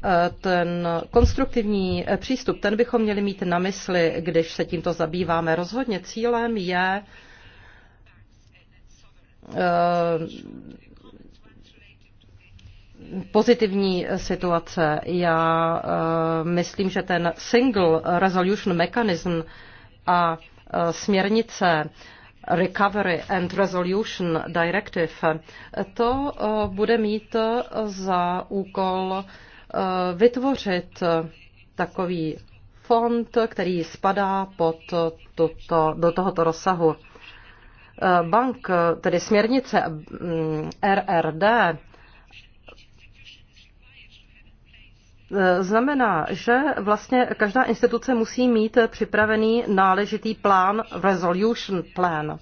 Eh, ten konstruktivní přístup, ten bychom měli mít na mysli, když se tímto zabýváme. Rozhodně cílem je pozitivní situace. Já eh, myslím, že ten single resolution mechanism a eh, směrnice Recovery and Resolution Directive, to eh, bude mít za úkol vytvořit takový fond, který spadá pod tuto, do tohoto rozsahu. Bank, tedy směrnice mm, RRD, E, znamená, že vlastně každá instituce musí mít připravený náležitý plán, resolution plan.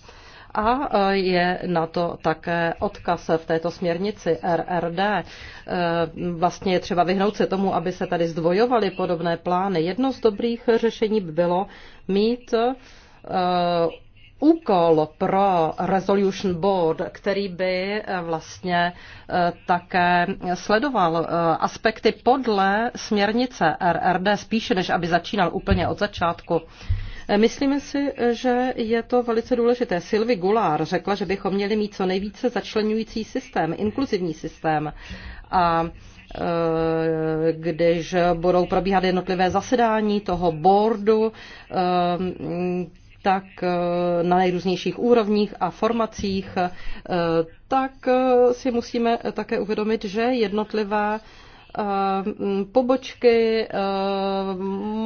A e, je na to také odkaz v této směrnici RRD. E, vlastně je třeba vyhnout se tomu, aby se tady zdvojovaly podobné plány. Jedno z dobrých řešení by bylo mít úkol pro Resolution Board, který by eh, vlastně eh, také sledoval eh, aspekty podle směrnice RRD spíše, než aby začínal úplně od začátku. Myslíme si, že je to velice důležité. Sylvie Gulár řekla, že bychom měli mít co nejvíce začlenující systém, inkluzivní systém. A když budou probíhat jednotlivé zasedání toho boardu, tak eh, na nejrůznějších úrovních a formacích, eh, tak eh, si musíme také uvědomit, že jednotlivé pobočky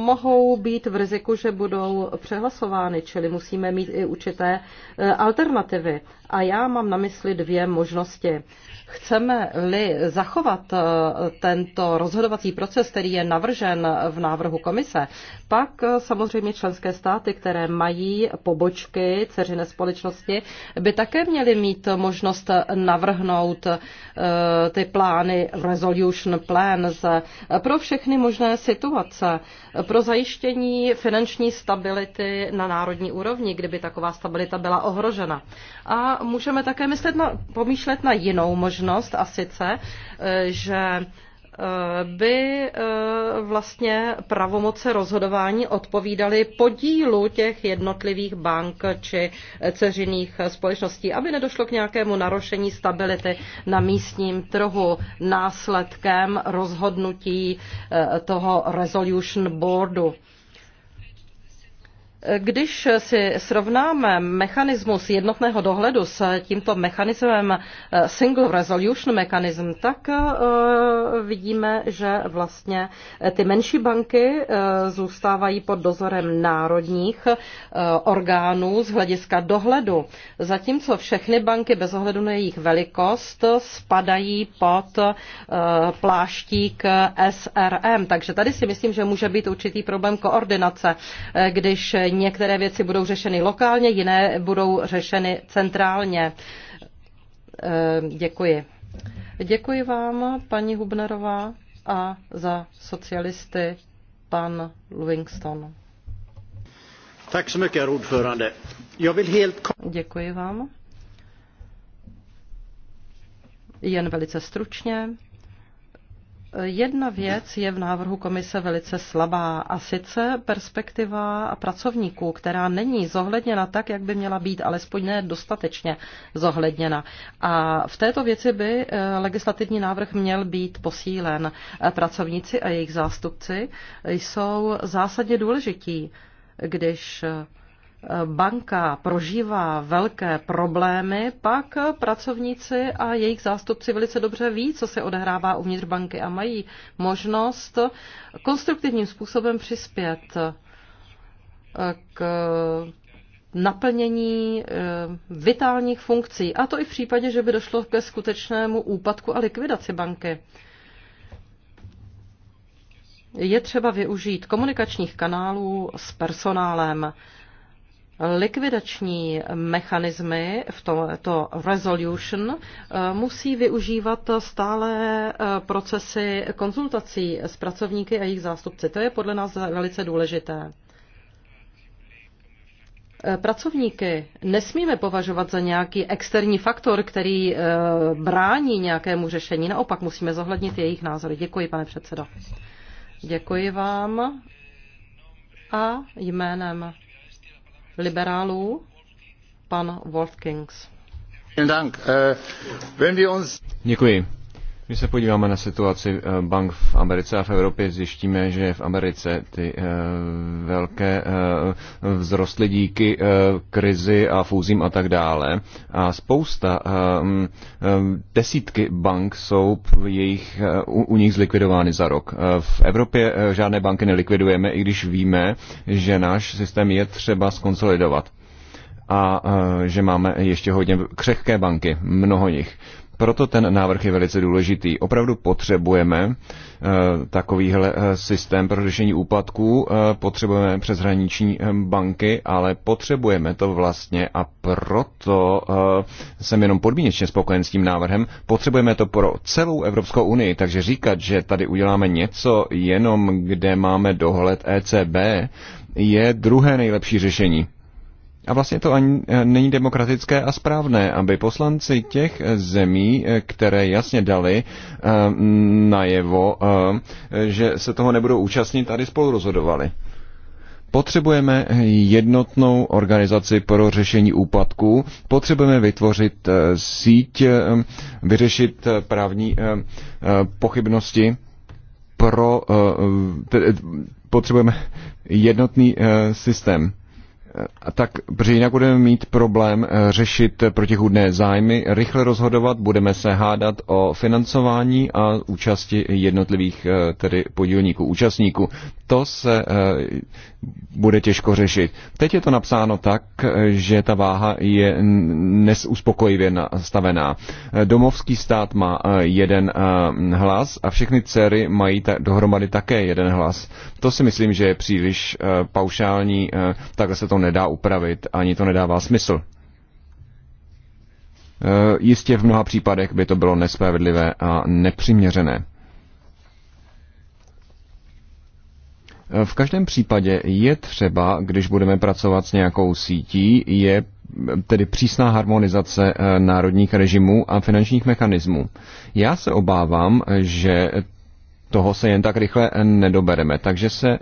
mohou být v riziku, že budou přehlasovány, čili musíme mít i určité alternativy. A já mám na mysli dvě možnosti. Chceme-li zachovat e, tento rozhodovací proces, který je navržen v návrhu komise, pak e, samozřejmě členské státy, které mají pobočky ceřiné společnosti, by také měly mít možnost navrhnout e, ty plány Resolution Plans pro všechny možné situace pro zajištění finanční stability na národní úrovni, kdyby taková stabilita byla ohrožena. A můžeme také myslet na, pomýšlet na jinou možnost, a sice, eh, že by e, vlastně pravomoce rozhodování odpovídaly podílu těch jednotlivých bank či ceřiných společností, aby nedošlo k nějakému narušení stability na místním trhu následkem rozhodnutí e, toho Resolution Boardu. Když si srovnáme mechanismus jednotného dohledu s tímto mechanismem eh, Single Resolution Mechanism, tak eh, vidíme, že vlastně eh, ty menší banky zůstávají pod dozorem národních orgánů z hlediska dohledu, zatímco všechny banky bez ohledu na jejich velikost spadají pod pláštík SRM. Takže tady si myslím, že může být určitý problém koordinace, když některé věci budou řešeny lokálně, jiné budou řešeny centrálně. Eh, děkuji. Děkuji vám, paní Hubnerová, a za socialisty pan Livingston. Tak så mycket, ordförande. Jag vill helt... Děkuji vám. Jen velice stručně. Jedna věc je v návrhu komise velice slabá a sice perspektiva pracovníků, která není zohledněna tak, jak by měla být, alespoň ne dostatečně zohledněna. A v této věci by eh, legislativní návrh měl být posílen. Eh, pracovníci a jejich zástupci jsou zásadně důležití, když eh, banka prožívá velké problémy, pak pracovníci a jejich zástupci velice dobře ví, co se odehrává uvnitř banky a mají možnost konstruktivním způsobem přispět eh, k naplnění eh, vitálních funkcí. A to i v případě, že by došlo ke skutečnému úpadku a likvidaci banky. Je třeba využít komunikačních kanálů s personálem likvidační mechanismy v tomto resolution eh, musí využívat stále eh, procesy konzultací s pracovníky a jejich zástupci. To je podle nás velice důležité. Eh, pracovníky nesmíme považovat za nějaký externí faktor, který brání nějakému řešení. Naopak musíme zohlednit jejich názory. Děkuji, pane předsedo. Děkuji vám a jménem liberálů, pan Wolfkings. Äh, Děkuji. Když se podíváme na situaci eh, bank v Americe a v Evropě, zjištíme, že v Americe ty eh, velké eh, vzrostly díky krizi a fúzím a tak dále. A spousta, mm, desítky bank jsou jejich, u, nich zlikvidovány za rok. V Evropě žádné banky nelikvidujeme, i když víme, že náš systém je třeba skonsolidovat a že máme ještě hodně křehké banky, mnoho nich proto ten návrh je velice důležitý. Opravdu potřebujeme eh, takovýhle eh, systém pro řešení úpadků, eh, potřebujeme přeshraniční banky, ale potřebujeme to vlastně a proto jsem jenom podmínečně spokojen s tím návrhem. Potřebujeme to pro celou Evropskou unii, takže říkat, že tady uděláme něco jenom, kde máme dohled ECB, je druhé nejlepší řešení. A vlastně to ani e, není demokratické a správné, aby poslanci těch e, zemí, e, které jasně dali najevo, že se toho nebudou účastnit, tady spolu rozhodovali. Potřebujeme jednotnou organizaci pro řešení úpadků, potřebujeme vytvořit síť, vyřešit právní pochybnosti pro potřebujeme jednotný systém tak protože jinak budeme mít problém eh, řešit eh, protihudné zájmy, rychle rozhodovat, budeme se hádat o financování a účasti jednotlivých eh, tedy podílníků, účastníků. To se bude těžko řešit. Teď je to napsáno tak, že ta váha je nesuspokojivě nastavená. Domovský stát má eh, jeden eh, hlas a všechny dcery mají ta, dohromady také jeden hlas. To si myslím, že je příliš eh, paušální, takhle se to nedá upravit, ani to nedává smysl. Jistě v mnoha případech by to bylo nespravedlivé a nepřiměřené. V každém případě je třeba, když budeme pracovat s nějakou sítí, je tedy přísná harmonizace eh, národních režimů a finančních mechanismů. Já se obávám, že toho se jen tak rychle nedobereme, takže se eh,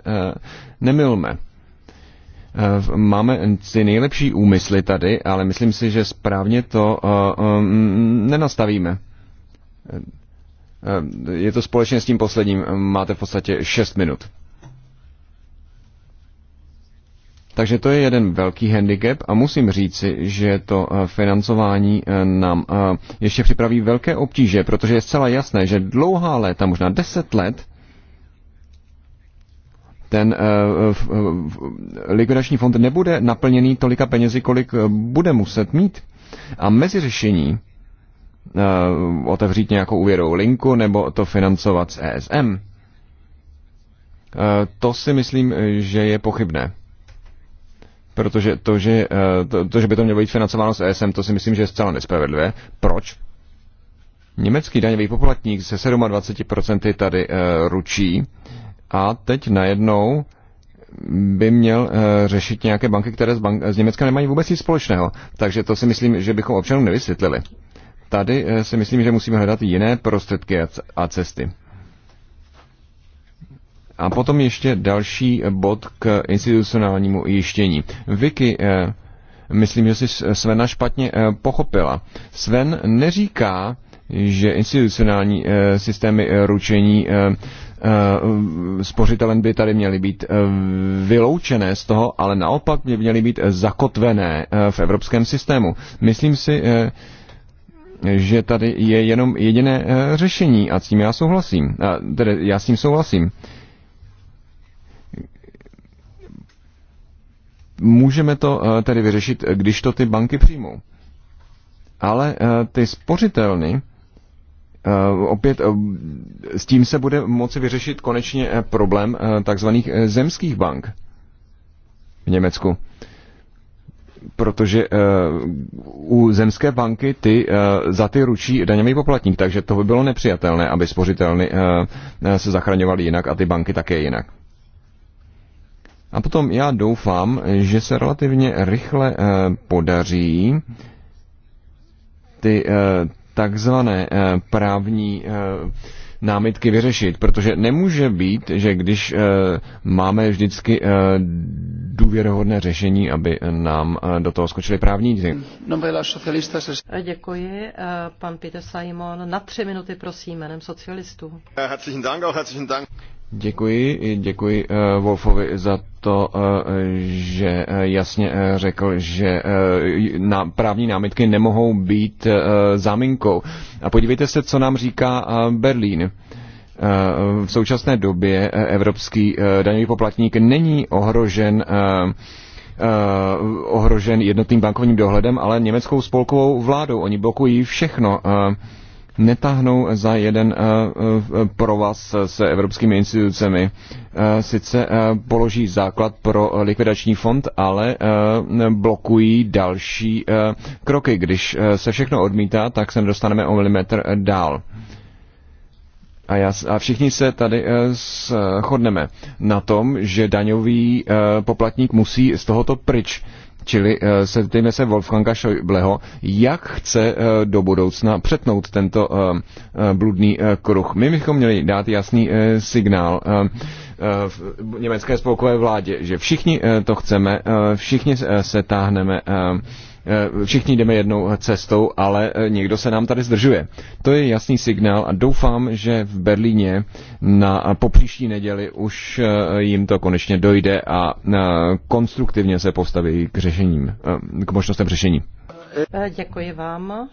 nemilme. Eh, máme si nejlepší úmysly tady, ale myslím si, že správně to mm, nenastavíme. Je to společně s tím posledním. Máte v podstatě 6 minut. Takže to je jeden velký handicap a musím říci, že to eh, financování eh, nám eh, ještě připraví velké obtíže, protože je zcela jasné, že dlouhá léta, možná deset let, ten likvidační fond nebude naplněný tolika penězi, kolik bude muset mít. A mezi řešení otevřít nějakou úvěrovou linku nebo to financovat z ESM, to si myslím, že je pochybné protože to že, eh, to, to, že by to mělo být financováno z ESM, to si myslím, že je zcela nespravedlivé. Proč? Německý daňový poplatník se 27% tady eh, ručí a teď najednou by měl eh, řešit nějaké banky, které z, bank, z Německa nemají vůbec nic společného. Takže to si myslím, že bychom občanům nevysvětlili. Tady si myslím, že musíme hledat jiné prostředky a cesty. A potom ještě další bod k institucionálnímu jištění. Vicky, eh, myslím, že jsi Svena špatně eh, pochopila. Sven neříká, že institucionální eh, systémy ručení spořitelen by tady měly být vyloučené z toho, ale naopak by měly být zakotvené v evropském systému. Myslím si, že tady je jenom jediné řešení a s tím já souhlasím. Tedy já s tím souhlasím. Můžeme to eh, tedy vyřešit, eh, když to ty banky přijmou. Ale eh, ty spořitelny, opět s tím se bude moci vyřešit konečně problém takzvaných zemských bank v Německu protože u zemské banky ty za ty ručí daňový poplatník, takže to by bylo nepřijatelné, aby spořitelny se zachraňovaly jinak a ty banky také jinak. A potom já doufám, že se relativně rychle eh, podaří ty eh, takzvané eh, právní námitky vyřešit, protože nemůže být, že když máme vždycky důvěrohodné řešení, aby nám do toho skočili právníci. Děkuji, pan Peter Simon. Na tři minuty, prosím, jménem socialistů. Děkuji, děkuji eh, Wolfovi za to, eh, že eh, jasně řekl, že právní námitky nemohou být záminkou. A podívejte se, co nám říká Berlín. V současné době evropský daňový poplatník není ohrožen ohrožen jednotným bankovním dohledem, ale německou spolkovou vládou. Oni blokují všechno netáhnou za jeden eh, eh, provaz se evropskými institucemi. Eh, sice položí základ pro likvidační fond, ale blokují další kroky. Když se všechno odmítá, tak se nedostaneme o milimetr dál. A, já, a všichni se tady shodneme na tom, že daňový poplatník musí z tohoto pryč. Čili eh, se zeptejme se Wolfganga Schäubleho, jak chce eh, do budoucna přetnout tento eh, bludný kruh. My bychom měli dát jasný signál v německé spolkové vládě, že všichni to chceme, všichni se táhneme Eh, všichni jdeme jednou cestou, ale eh, někdo se nám tady zdržuje. To je jasný signál a doufám, že v Berlíně na popříští neděli už eh, jim to konečně dojde a konstruktivně se postaví k řešením, k možnostem řešení. Děkuji vám.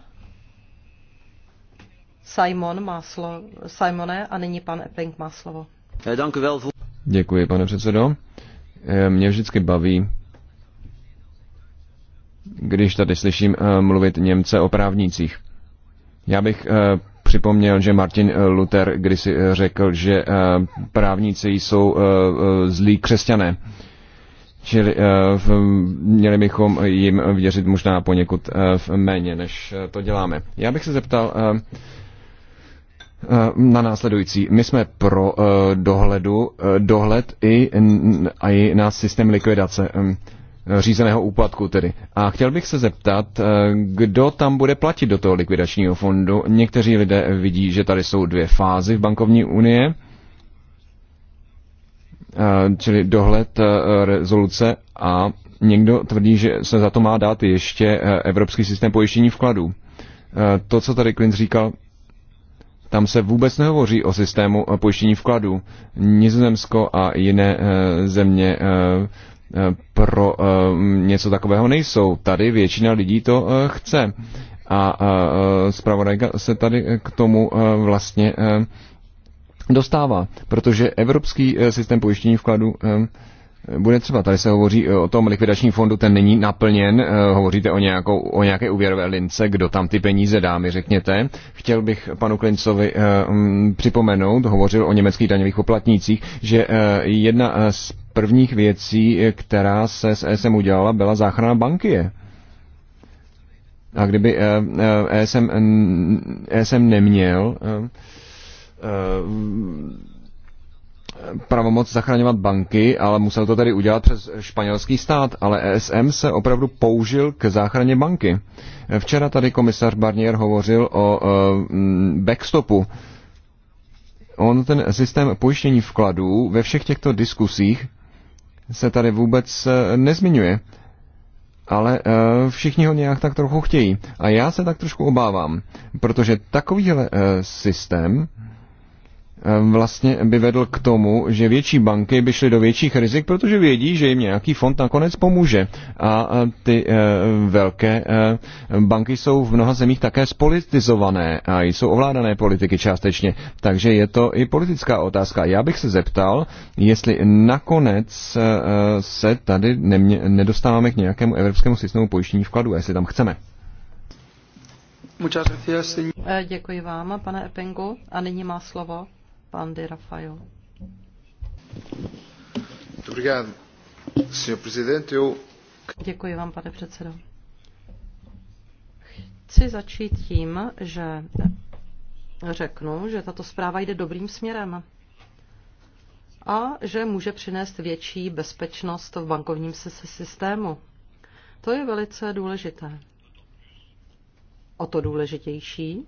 Simon má slovo. Simone a nyní pan Epping má slovo. Děkuji, pane předsedo. Mě vždycky baví když tady slyším eh, mluvit Němce o právnících. Já bych eh, připomněl, že Martin eh, Luther kdysi řekl, že právníci jsou zlí křesťané. Čili měli bychom jim věřit možná poněkud méně, než to děláme. Já bych se zeptal na následující. My jsme pro dohledu, dohled i, a i na systém likvidace. Hm řízeného úpadku tedy. A chtěl bych se zeptat, eh, kdo tam bude platit do toho likvidačního fondu. Někteří lidé vidí, že tady jsou dvě fázy v bankovní unie, eh, čili dohled eh, rezoluce a někdo tvrdí, že se za to má dát ještě Evropský systém pojištění vkladů. To, co tady Klint říkal, tam se vůbec nehovoří o systému pojištění vkladů. Nizozemsko a jiné země Eh, pro eh, něco takového nejsou. Tady většina lidí to eh, chce. A zpravodajka se tady k tomu vlastně dostává, protože evropský systém pojištění vkladu bude třeba, tady se hovoří o tom likvidačním fondu, ten není naplněn, hovoříte o, nějakou, o nějaké úvěrové lince, kdo tam ty peníze dá, mi řekněte. Chtěl bych panu Klincovi mm, připomenout, hovořil o německých daňových poplatnících, že jedna z prvních věcí, která se s ESM udělala, byla záchrana banky. A kdyby ESM, eh, eh, e ESM neměl eh, pravomoc zachraňovat banky, ale musel to tady udělat přes španělský stát, ale ESM se opravdu použil k záchraně banky. Včera tady komisař Barnier hovořil o backstopu. On ten systém pojištění vkladů ve všech těchto diskusích se tady vůbec eh, nezmiňuje. Ale eh, všichni ho nějak tak trochu chtějí. A já se tak trošku obávám, protože takovýhle eh, systém Ehm, vlastně by vedl k tomu, že větší banky by šly do větších rizik, protože vědí, že jim nějaký fond nakonec pomůže. A ty eh, velké eh, banky jsou v mnoha zemích také spolitizované a jsou ovládané politiky částečně. Takže je to i politická otázka. Já bych se zeptal, jestli nakonec eh, se tady nemě, nedostáváme k nějakému evropskému systému pojištění vkladu, jestli tam chceme. Děkuji vám, pane Epingu. A nyní má slovo Děkuji vám, pane předsedo. Chci začít tím, že řeknu, že tato zpráva jde dobrým směrem a že může přinést větší bezpečnost v bankovním systému. To je velice důležité. O to důležitější,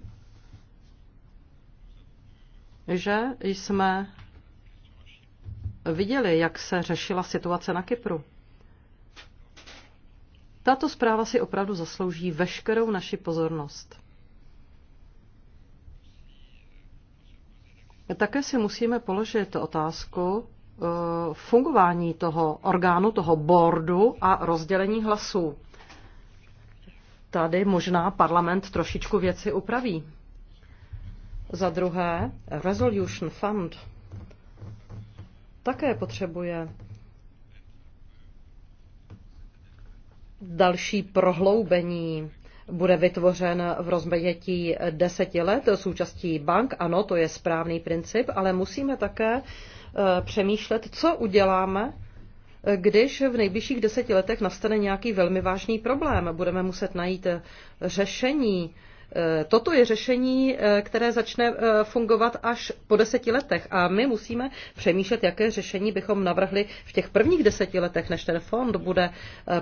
že jsme viděli, jak se řešila situace na Kypru. Tato zpráva si opravdu zaslouží veškerou naši pozornost. Také si musíme položit otázku eh, fungování toho orgánu, toho bordu a rozdělení hlasů. Tady možná parlament trošičku věci upraví. Za druhé, Resolution Fund také potřebuje další prohloubení bude vytvořen v rozmětí deseti let součástí bank. Ano, to je správný princip, ale musíme také eh, přemýšlet, co uděláme, když v nejbližších deseti letech nastane nějaký velmi vážný problém. Budeme muset najít eh, řešení Eh, toto je řešení, eh, které začne eh, fungovat až po deseti letech a my musíme přemýšlet, jaké řešení bychom navrhli v těch prvních deseti letech, než ten fond bude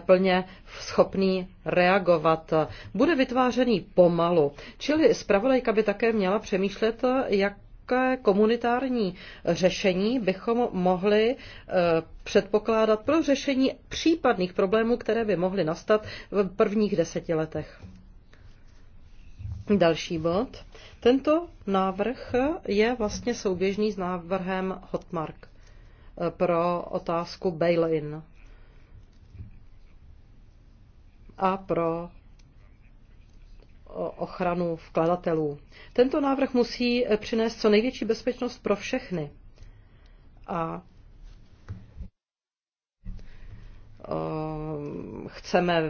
plně schopný reagovat. Bude vytvářený pomalu, čili zpravodajka by také měla přemýšlet, jak jaké komunitární řešení bychom mohli předpokládat pro řešení případných problémů, které by mohly nastat v prvních deseti letech. Další bod. Tento návrh je vlastně souběžný s návrhem Hotmark eh, pro otázku bail-in a pro ochranu vkladatelů. Tento návrh musí eh, přinést co největší bezpečnost pro všechny. A eh, chceme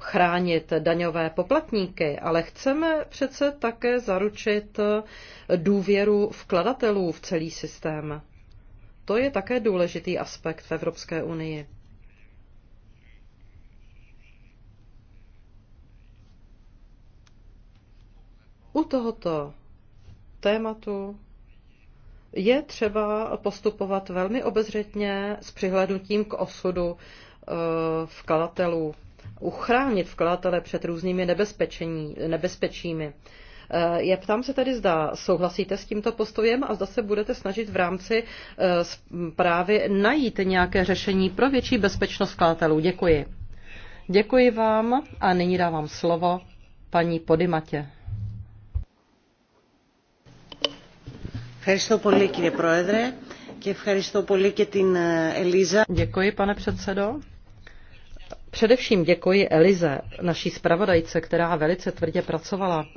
chránit daňové poplatníky, ale chceme přece také zaručit důvěru vkladatelů v celý systém. To je také důležitý aspekt v Evropské unii. U tohoto tématu je třeba postupovat velmi obezřetně s přihlednutím k osudu eh, vkladatelů uchránit vkladatele před různými nebezpečími. Eh, je ptám se tedy, zda souhlasíte s tímto postojem a zda se budete snažit v rámci eh, právy najít nějaké řešení pro větší bezpečnost vkladatelů. Děkuji. Děkuji vám a nyní dávám slovo paní Podimatě. Děkuji, pane předsedo. Především děkuji Elize, naší zpravodajce, která velice tvrdě pracovala. E,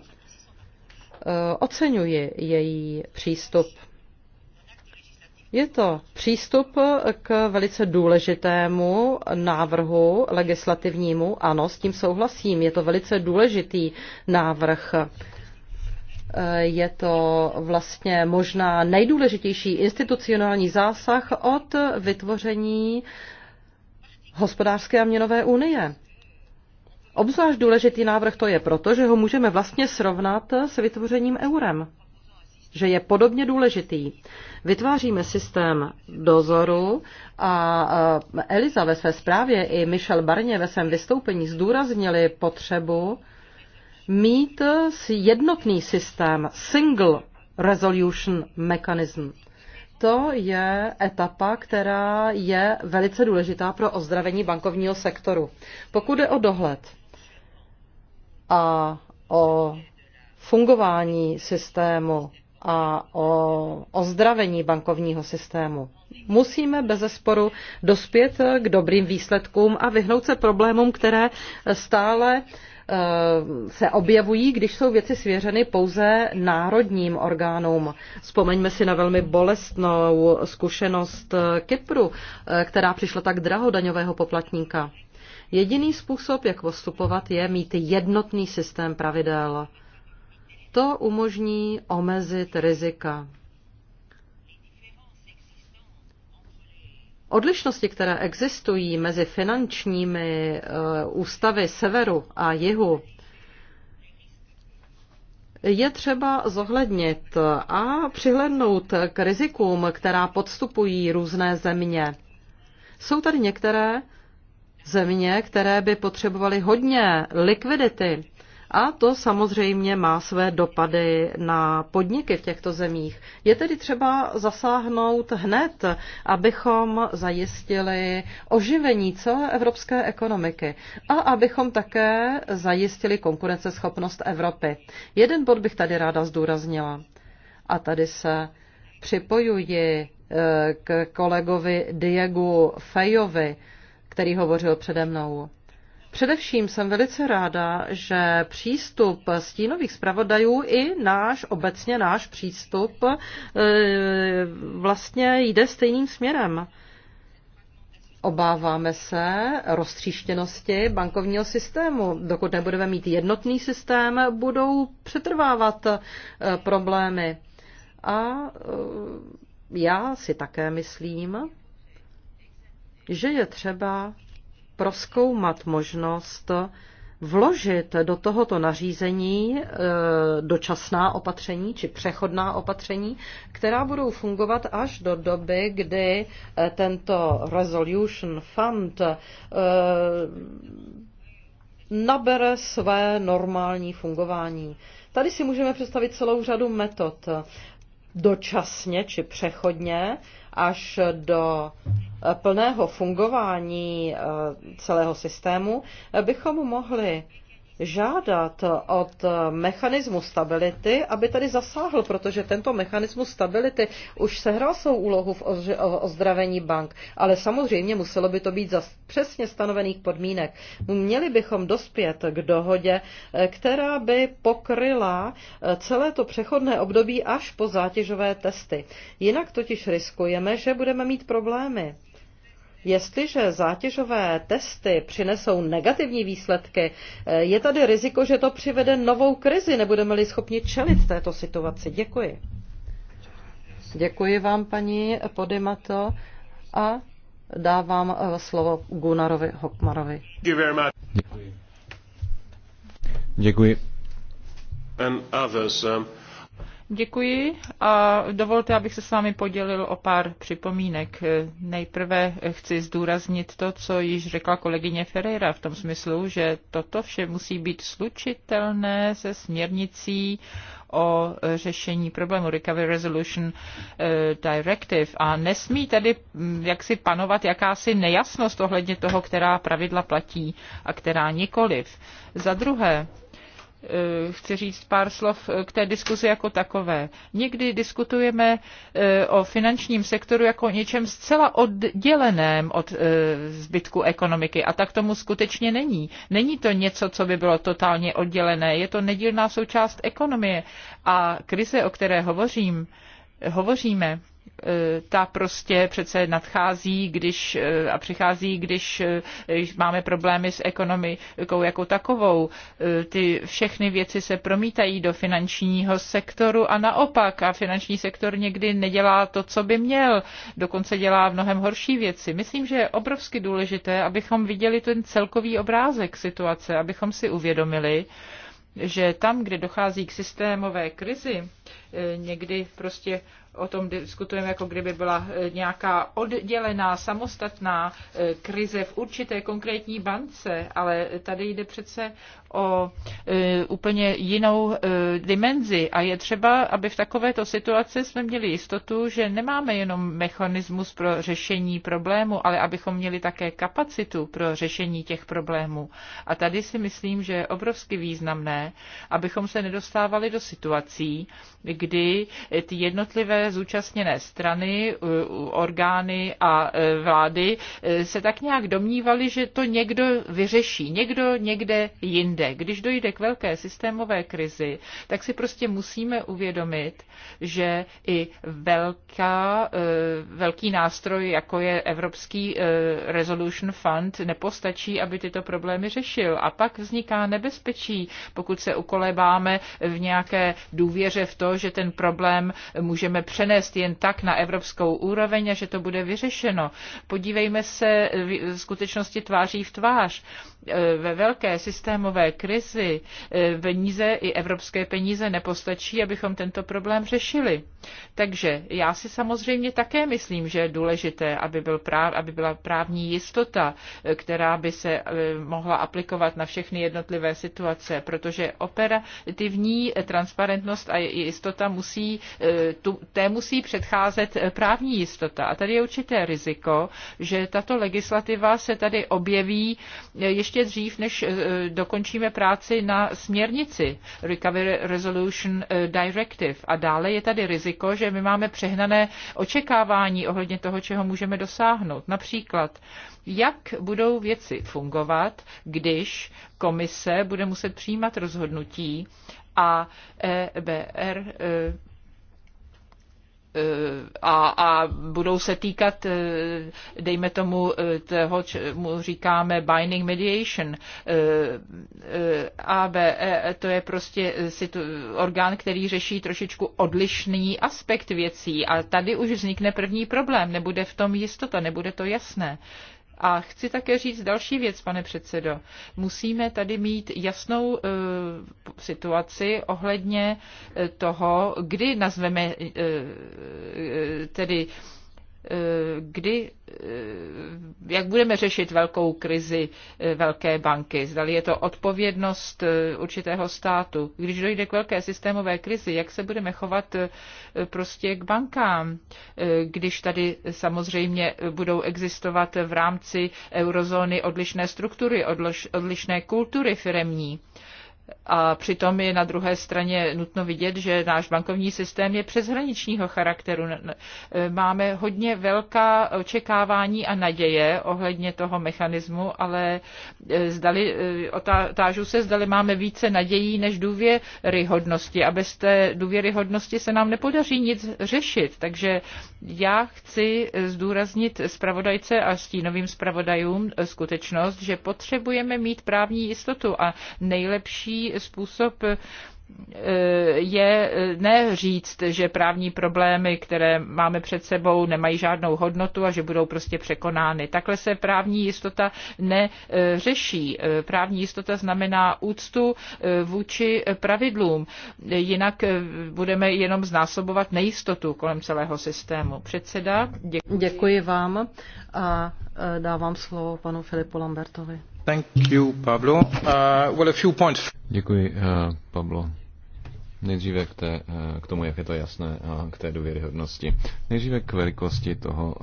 oceňuji její přístup. Je to přístup k velice důležitému návrhu legislativnímu. Ano, s tím souhlasím. Je to velice důležitý návrh. E, je to vlastně možná nejdůležitější institucionální zásah od vytvoření hospodářské a měnové unie. Obzvlášť důležitý návrh to je proto, že ho můžeme vlastně srovnat s vytvořením eurem že je podobně důležitý. Vytváříme systém dozoru a eh, Eliza ve své zprávě i Michel Barně ve svém vystoupení zdůraznili potřebu mít jednotný systém, single resolution mechanism to je etapa, která je velice důležitá pro ozdravení bankovního sektoru. Pokud je o dohled a o fungování systému a o ozdravení bankovního systému. Musíme bez zesporu dospět k dobrým výsledkům a vyhnout se problémům, které stále Eh, se objevují, když jsou věci svěřeny pouze národním orgánům. Vzpomeňme si na velmi bolestnou zkušenost Kypru, eh, která přišla tak draho daňového poplatníka. Jediný způsob, jak postupovat, je mít jednotný systém pravidel. To umožní omezit rizika. Odlišnosti, které existují mezi finančními eh, ústavy severu a jihu, je třeba zohlednit a přihlednout k rizikům, která podstupují různé země. Jsou tady některé země, které by potřebovaly hodně likvidity, a to samozřejmě má své dopady na podniky v těchto zemích. Je tedy třeba zasáhnout hned, abychom zajistili oživení celé evropské ekonomiky a abychom také zajistili konkurenceschopnost Evropy. Jeden bod bych tady ráda zdůraznila. A tady se připojuji eh, k kolegovi Diegu Fejovi, který hovořil přede mnou. Především jsem velice ráda, že přístup stínových zpravodajů i náš, obecně náš přístup e, vlastně jde stejným směrem. Obáváme se roztříštěnosti bankovního systému. Dokud nebudeme mít jednotný systém, budou přetrvávat e, problémy. A e, já si také myslím, že je třeba proskoumat možnost vložit do tohoto nařízení e, dočasná opatření či přechodná opatření, která budou fungovat až do doby, kdy e, tento Resolution Fund e, nabere své normální fungování. Tady si můžeme představit celou řadu metod. Dočasně či přechodně až do eh, plného fungování eh, celého systému, eh, bychom mohli žádat od mechanismu stability, aby tady zasáhl, protože tento mechanismus stability už sehrál svou úlohu v ozdravení bank, ale samozřejmě muselo by to být za přesně stanovených podmínek. Měli bychom dospět k dohodě, která by pokryla eh, celé to přechodné období až po zátěžové testy. Jinak totiž riskujeme, že budeme mít problémy Jestliže zátěžové testy přinesou negativní výsledky, eh, je tady riziko, že to přivede novou krizi. Nebudeme-li schopni čelit této situaci. Děkuji. Děkuji vám, paní Podimato. A dávám eh, slovo Gunarovi Hokmarovi. Děkuji. Děkuji. And others, um... Děkuji a dovolte, abych se s vámi podělil o pár připomínek. Nejprve chci zdůraznit to, co již řekla kolegyně Ferreira v tom smyslu, že toto vše musí být slučitelné se směrnicí o řešení problému Recovery Resolution eh, Directive a nesmí tedy mm, jaksi panovat jakási nejasnost ohledně toho, která pravidla platí a která nikoliv. Za druhé, Eh, chci říct pár slov eh, k té diskuzi jako takové. Někdy diskutujeme eh, o finančním sektoru jako o něčem zcela odděleném od zbytku ekonomiky a tak tomu skutečně není. Není to něco, co by bylo totálně oddělené, je to nedílná součást ekonomie a krize, o které hovořím, hovoříme, E, ta prostě přece nadchází když, e, a přichází, e, když máme problémy s ekonomikou jako takovou. Ty všechny věci se promítají do finančního sektoru a naopak. A finanční sektor někdy nedělá to, co by měl. Dokonce dělá v mnohem horší věci. Myslím, že je obrovsky důležité, abychom viděli ten celkový obrázek situace, abychom si uvědomili, že tam, kde dochází k systémové krizi, E, někdy prostě o tom diskutujeme, jako kdyby byla e, nějaká oddělená, samostatná e, krize v určité konkrétní bance, ale tady jde přece o úplně jinou dimenzi a je třeba, aby v takovéto situaci jsme měli jistotu, že nemáme jenom mechanismus pro řešení problému, ale abychom měli také kapacitu pro řešení těch problémů. A tady si myslím, že je obrovsky významné, abychom se nedostávali do situací, kdy ty jednotlivé zúčastněné strany, eh, orgány a eh, vlády eh, se tak nějak domnívali, že to někdo vyřeší, někdo někde jinde. Když dojde k velké systémové krizi, tak si prostě musíme uvědomit, že i velká, velký nástroj, jako je Evropský Resolution Fund, nepostačí, aby tyto problémy řešil. A pak vzniká nebezpečí, pokud se ukolebáme v nějaké důvěře v to, že že ten problém můžeme přenést jen tak na evropskou úroveň a že to bude vyřešeno. Podívejme se v skutečnosti tváří v tvář. Eh, ve velké systémové krizi eh, peníze i evropské peníze nepostačí, abychom tento problém řešili. Takže já si samozřejmě také myslím, že je důležité, aby, byl práv, aby byla právní jistota, eh, která by se mohla aplikovat na všechny jednotlivé situace, protože operativní transparentnost a jistota musí, tu, té musí předcházet právní jistota. A tady je určité riziko, že tato legislativa se tady objeví ještě ještě dřív, než eh, dokončíme práci na směrnici Recovery Resolution eh, Directive. A dále je tady riziko, že my máme přehnané očekávání ohledně toho, čeho můžeme dosáhnout. Například, jak budou věci fungovat, když komise bude muset přijímat rozhodnutí a EBR eh, a, a budou se týkat, eh, dejme tomu, eh, toho, čemu říkáme binding mediation. Eh, ABE e, to je prostě orgán, který řeší trošičku odlišný aspekt věcí a tady už vznikne první problém, nebude v tom jistota, nebude to jasné. A chci také říct další věc, pane předsedo. Musíme tady mít jasnou e, situaci ohledně e, toho, kdy nazveme e, e, tedy e, Eh, kdy, eh, jak budeme řešit velkou krizi eh, velké banky. Zdali je to odpovědnost určitého státu. Když dojde k velké systémové krizi, jak se budeme chovat prostě k bankám, když tady samozřejmě budou existovat v rámci eurozóny odlišné struktury, odlišné kultury firemní a přitom je na druhé straně nutno vidět, že náš bankovní systém je přeshraničního charakteru. Máme hodně velká očekávání a naděje ohledně toho mechanismu, ale e, zdali, e, otážu se, zdali máme více nadějí než důvěryhodnosti. A bez té důvěryhodnosti se nám nepodaří nic řešit. Takže já chci zdůraznit zpravodajce a stínovým zpravodajům e, skutečnost, že potřebujeme mít právní jistotu a nejlepší způsob eh, je eh, ne říct, že právní problémy, které máme před sebou, nemají žádnou hodnotu a že budou prostě překonány. Takhle se právní jistota neřeší. Eh, právní jistota znamená úctu vůči pravidlům. Jinak budeme jenom znásobovat nejistotu kolem celého systému. Předseda, děkuji. Děkuji vám a dávám slovo panu Filipu Lambertovi. Pablo. Uh, a Děkuji, uh, Pablo. Nejdříve k, té, uh, k tomu, jak je to jasné, a k té důvěryhodnosti. Nejdříve k velikosti toho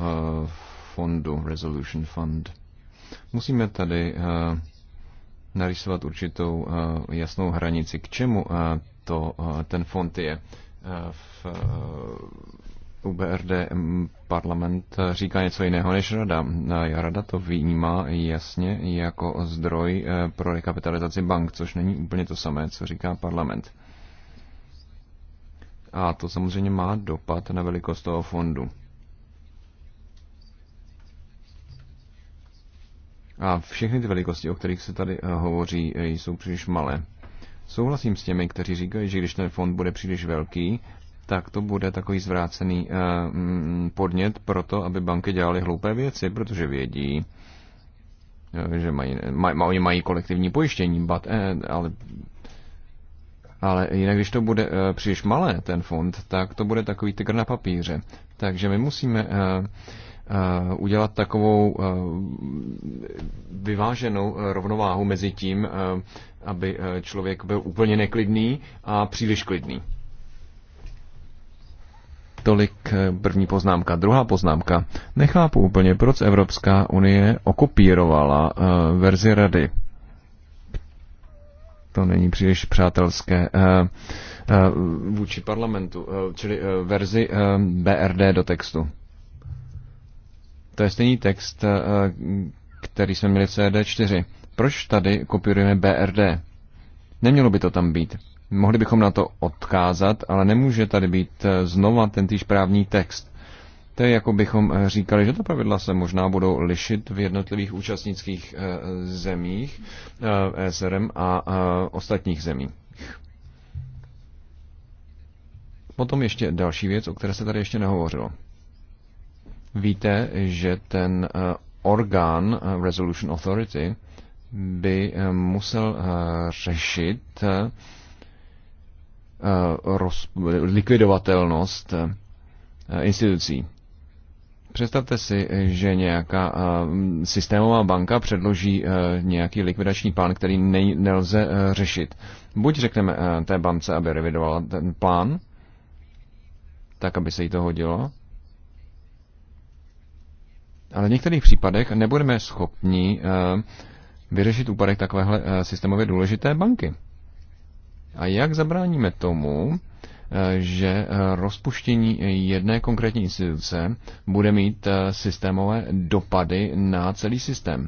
fondu, Resolution Fund. Musíme tady narýsovat určitou jasnou hranici, k čemu to, ten fond je. V UBRD mm, parlament eh, říká něco jiného než rada. Rada to vnímá jasně jako zdroj eh, pro rekapitalizaci bank, což není úplně to samé, co říká parlament. A to samozřejmě má dopad na velikost toho fondu. A všechny ty velikosti, o kterých se tady eh, hovoří, jsou příliš malé. Souhlasím s těmi, kteří říkají, že když ten fond bude příliš velký, tak to bude takový zvrácený eh, mm, podnět pro to, aby banky dělaly hloupé věci, protože vědí, eh, že mají, maj, oni mají kolektivní pojištění, but, eh, ale, ale jinak, když to bude příliš malé, ten fond, tak to bude takový tygr na papíře. Takže my musíme udělat takovou vyváženou rovnováhu mezi tím, aby člověk byl úplně neklidný a příliš klidný. Tolik eh, první poznámka. Druhá poznámka. Nechápu úplně, proč Evropská unie okopírovala eh, verzi rady. To není příliš přátelské eh, vůči parlamentu, čili verzi BRD do textu. To je stejný text, který jsme měli v CD4. Proč tady kopírujeme BRD? Nemělo by to tam být. Mohli bychom na to odkázat, ale nemůže tady být eh, znova týž právní text. To je jako bychom eh, říkali, že ta pravidla se možná budou lišit v jednotlivých účastnických eh, zemích SRM a ostatních zemích. Potom ještě další věc, o které se tady ještě nehovořilo. Víte, že ten orgán Resolution Authority by musel řešit Eh, roz, likvidovatelnost eh, institucí. Představte si, že nějaká eh, systémová banka předloží nějaký likvidační plán, který ne, nelze řešit. Buď řekneme té bance, aby revidovala ten plán, tak aby se jí to hodilo, ale v některých případech nebudeme schopni vyřešit úpadek takovéhle systémově důležité banky. A jak zabráníme tomu, eh, že eh, rozpuštění jedné konkrétní instituce bude mít eh, systémové dopady na celý systém.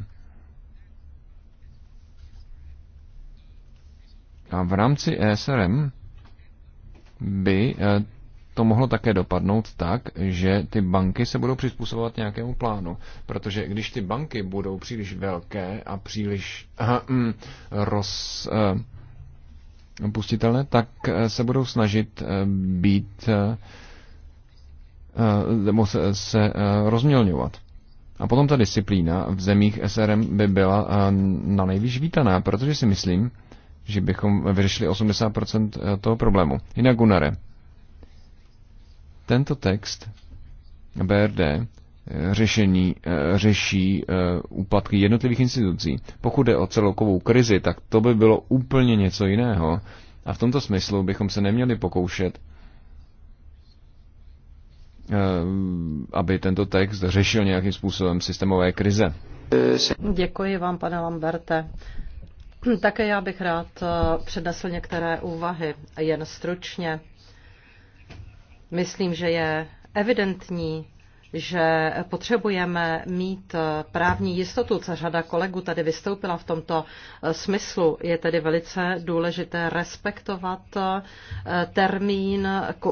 A v rámci ESRM by to mohlo také dopadnout tak, že ty banky se budou přizpůsobovat nějakému plánu. Protože když ty banky budou příliš velké a příliš uh, um, roz, uh, pustitelné, tak eh, se budou snažit eh, být eh, nebo se, se rozmělňovat. A potom ta disciplína v zemích SRM by byla na nejvýš vítaná, protože si myslím, že bychom vyřešili 80% toho problému. Jinak Gunare, tento text BRD řešení eh, řeší eh, úpadky jednotlivých institucí. Pokud jde o celkovou krizi, tak to by bylo úplně něco jiného. A v tomto smyslu bychom se neměli pokoušet, eh, aby tento text řešil nějakým způsobem systémové krize. Děkuji vám, pane Lamberte. Také já bych rád přednesl některé úvahy, jen stručně. Myslím, že je evidentní, že potřebujeme mít právní jistotu, co řada kolegů tady vystoupila v tomto eh, smyslu. Je tedy velice důležité respektovat eh, termín k,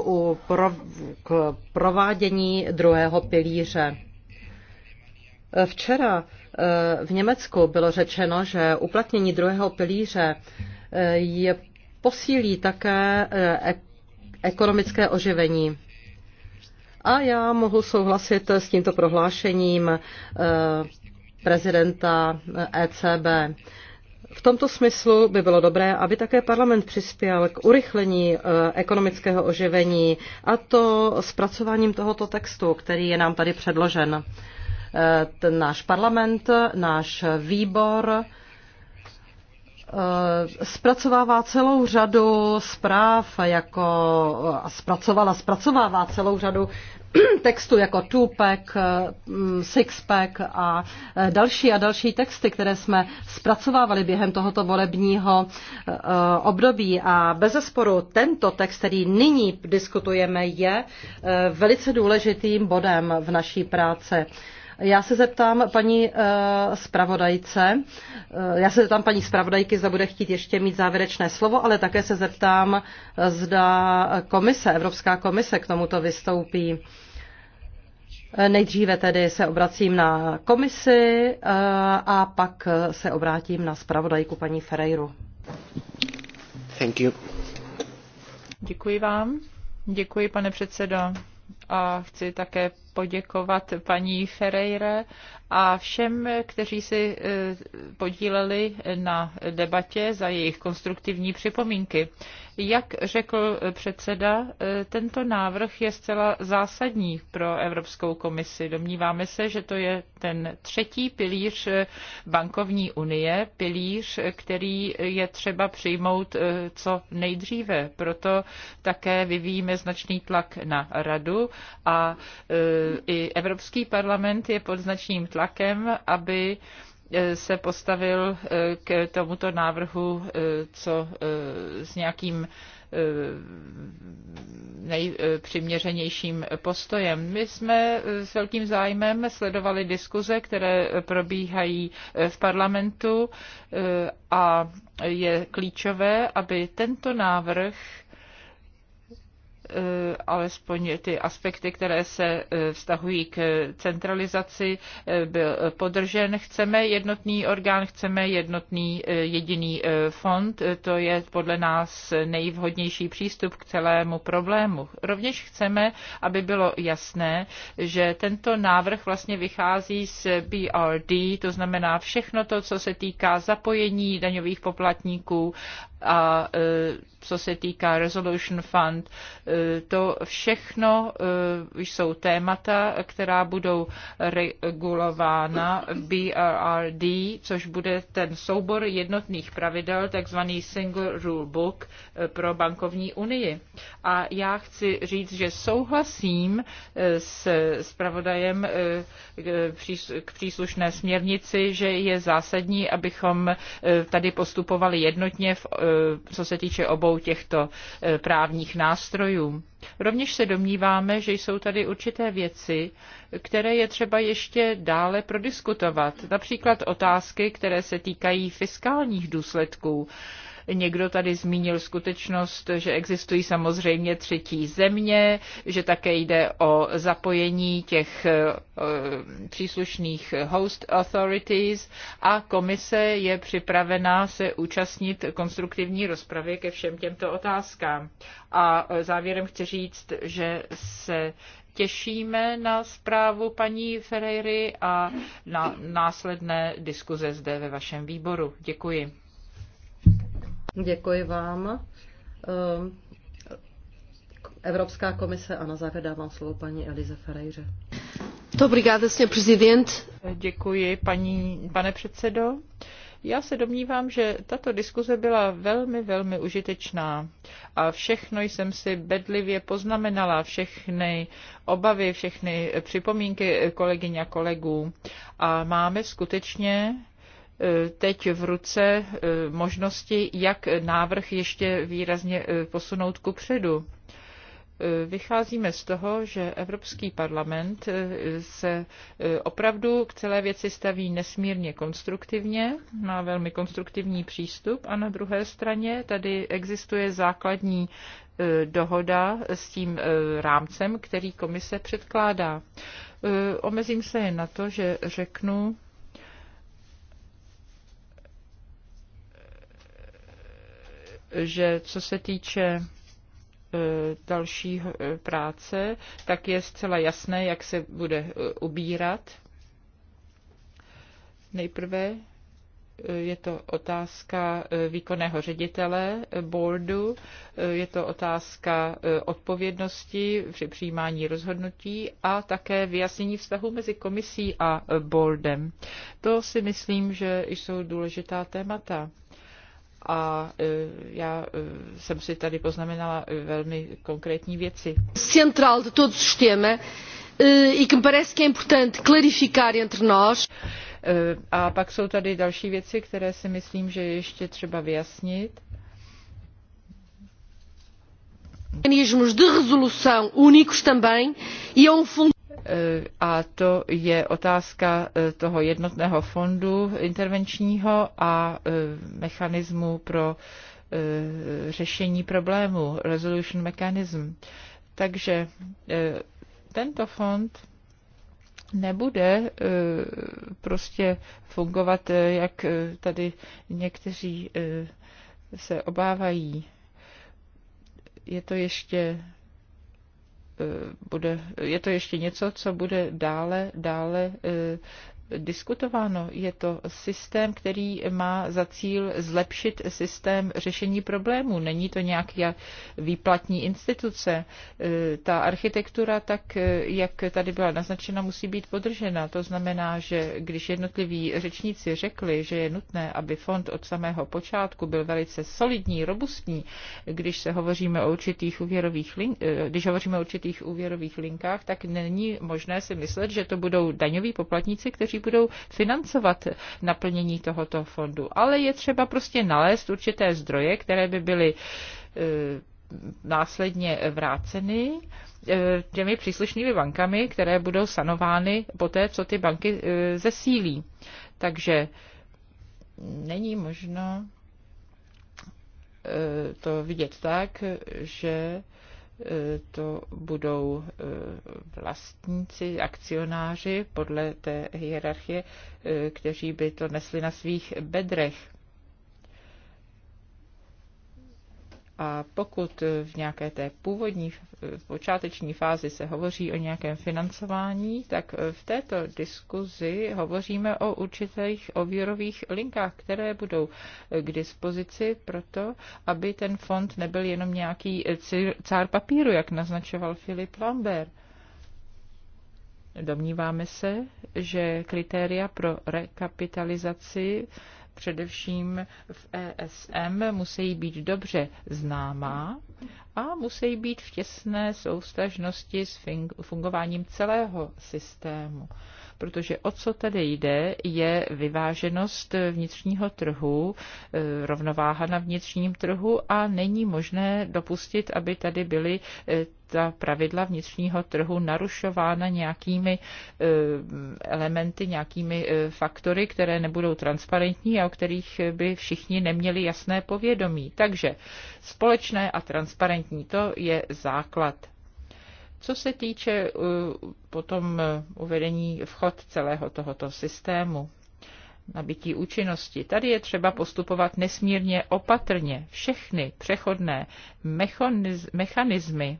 k provádění druhého pilíře. Eh, včera v Německu bylo řečeno, že uplatnění druhého pilíře je posílí také ekonomické oživení. A já mohu souhlasit s tímto prohlášením eh, prezidenta ECB. Eh, e v tomto smyslu by bylo dobré, aby také parlament přispěl k urychlení eh, ekonomického oživení a to zpracováním tohoto textu, který je nám tady předložen. Ten náš parlament, náš výbor, Eh, zpracovává celou řadu zpráv, jako eh, a zpracovala, zpracovává celou řadu textů jako Tupac, eh, mm, Sixpack a další a další texty, které jsme zpracovávali během tohoto volebního období. A bez zesporu tento text, který nyní diskutujeme, je velice důležitým bodem v naší práci. Já se zeptám paní eh, zpravodajce, eh, já se zeptám paní zpravodajky, zda bude chtít ještě mít závěrečné slovo, ale také se zeptám, eh, zda komise, Evropská komise k tomuto vystoupí. Nejdříve tedy se obracím na komisi a pak se obrátím na zpravodajku paní Ferreiru. Thank you. Děkuji vám. Děkuji, pane předsedo. A chci také poděkovat paní Ferreire a všem, kteří si e, podíleli na debatě za jejich konstruktivní připomínky. Jak řekl předseda, e, tento návrh je zcela zásadní pro Evropskou komisi. Domníváme se, že to je ten třetí pilíř e, bankovní unie, pilíř, který je třeba přijmout co nejdříve. Proto také vyvíjíme značný tlak na radu a i Evropský parlament je pod značným tlakem tlakem, aby e, se postavil e, k tomuto návrhu e, co s nějakým nejpřiměřenějším postojem. My jsme s velkým zájmem sledovali diskuze, které probíhají v parlamentu a je klíčové, aby tento návrh Eh, alespoň ty aspekty, které se eh, vztahují k centralizaci, eh, byl podržen. Chceme jednotný orgán, chceme jednotný jediný fond. To je podle nás nejvhodnější přístup k celému problému. Rovněž chceme, aby bylo jasné, že tento návrh vlastně vychází z BRD, to znamená všechno to, co se týká zapojení daňových poplatníků a co se týká Resolution Fund, to všechno eh, jsou témata, která budou regulována BRRD, což bude ten soubor jednotných pravidel, takzvaný Single Rule Book eh, pro bankovní unii. A já chci říct, že souhlasím eh, s zpravodajem k příslušné směrnici, že je zásadní, abychom tady postupovali jednotně, co se týče obou těchto právních nástrojů cílů. Rovněž se domníváme, že jsou tady určité věci, které je třeba ještě dále prodiskutovat, například otázky, které se týkají fiskálních důsledků Někdo tady zmínil skutečnost, že existují samozřejmě třetí země, že také jde o zapojení těch eh, příslušných host authorities a komise je připravená se účastnit konstruktivní rozpravy ke všem těmto otázkám. A eh, závěrem chci říct, že se těšíme na zprávu paní Ferreiry a na následné diskuze zde ve vašem výboru. Děkuji. Děkuji vám. Ehm, Evropská komise a na závěr dávám slovo paní Elize prezident. Děkuji, paní, pane předsedo. Já se domnívám, že tato diskuze byla velmi, velmi užitečná a všechno jsem si bedlivě poznamenala, všechny obavy, všechny připomínky kolegyň a kolegů. A máme skutečně E, teď v ruce e, možnosti, jak návrh ještě výrazně e, posunout ku předu. Vycházíme z toho, že Evropský parlament se opravdu k celé věci staví nesmírně konstruktivně, má velmi konstruktivní přístup a na druhé straně tady existuje základní dohoda s tím rámcem, který komise předkládá. Omezím se jen na to, že řeknu, že co se týče e, další e, práce, tak je zcela jasné, jak se bude e, ubírat. Nejprve je to otázka výkonného ředitele boardu, je to otázka odpovědnosti při přijímání rozhodnutí a také vyjasnění vztahu mezi komisí a boardem. To si myslím, že jsou důležitá témata a e, já e, jsem si tady poznamenala e, velmi konkrétní věci. Central de todo sistema e que me parece que é importante clarificar entre nós. A pak jsou tady další věci, které si myslím, že ještě třeba vyjasnit. Mecanismos de resolução únicos também e é um fundo Eh, a to je otázka eh, toho jednotného fondu intervenčního a eh, mechanismu pro řešení problému, resolution mechanism. Takže tento fond nebude prostě fungovat, jak tady někteří se obávají. Je to ještě Eh, bude, je to ještě něco, co bude dále, dále eh, diskutováno. Je to systém, který má za cíl zlepšit systém řešení problémů. Není to nějaká výplatní instituce. E, ta architektura, tak e, jak tady byla naznačena, musí být podržena. To znamená, že když jednotliví řečníci řekli, že je nutné, aby fond od samého počátku byl velice solidní, robustní, když se hovoříme o určitých úvěrových link, e, když hovoříme o určitých úvěrových linkách, tak není možné si myslet, že to budou daňoví poplatníci, kteří kteří budou financovat naplnění tohoto fondu. Ale je třeba prostě nalézt určité zdroje, které by byly e, následně vráceny e, těmi příslušnými bankami, které budou sanovány po té, co ty banky e, zesílí. Takže není možno to vidět tak, že Eh, to budou eh, vlastníci, akcionáři podle té hierarchie, eh, kteří by to nesli na svých bedrech. A pokud v nějaké té původní, v počáteční fázi se hovoří o nějakém financování, tak v této diskuzi hovoříme o určitých ověrových linkách, které budou k dispozici pro to, aby ten fond nebyl jenom nějaký cár papíru, jak naznačoval Filip Lambert. Domníváme se, že kritéria pro rekapitalizaci především v ESM, musí být dobře známá a musí být v těsné soustažnosti s fungováním celého systému protože o co tady jde, je vyváženost vnitřního trhu, e, rovnováha na vnitřním trhu a není možné dopustit, aby tady byly e, ta pravidla vnitřního trhu narušována nějakými e, elementy, nějakými faktory, které nebudou transparentní a o kterých by všichni neměli jasné povědomí. Takže společné a transparentní to je základ co se týče uh, potom uh, uvedení vchod celého tohoto systému, nabití účinnosti. Tady je třeba postupovat nesmírně opatrně. Všechny přechodné mechanizmy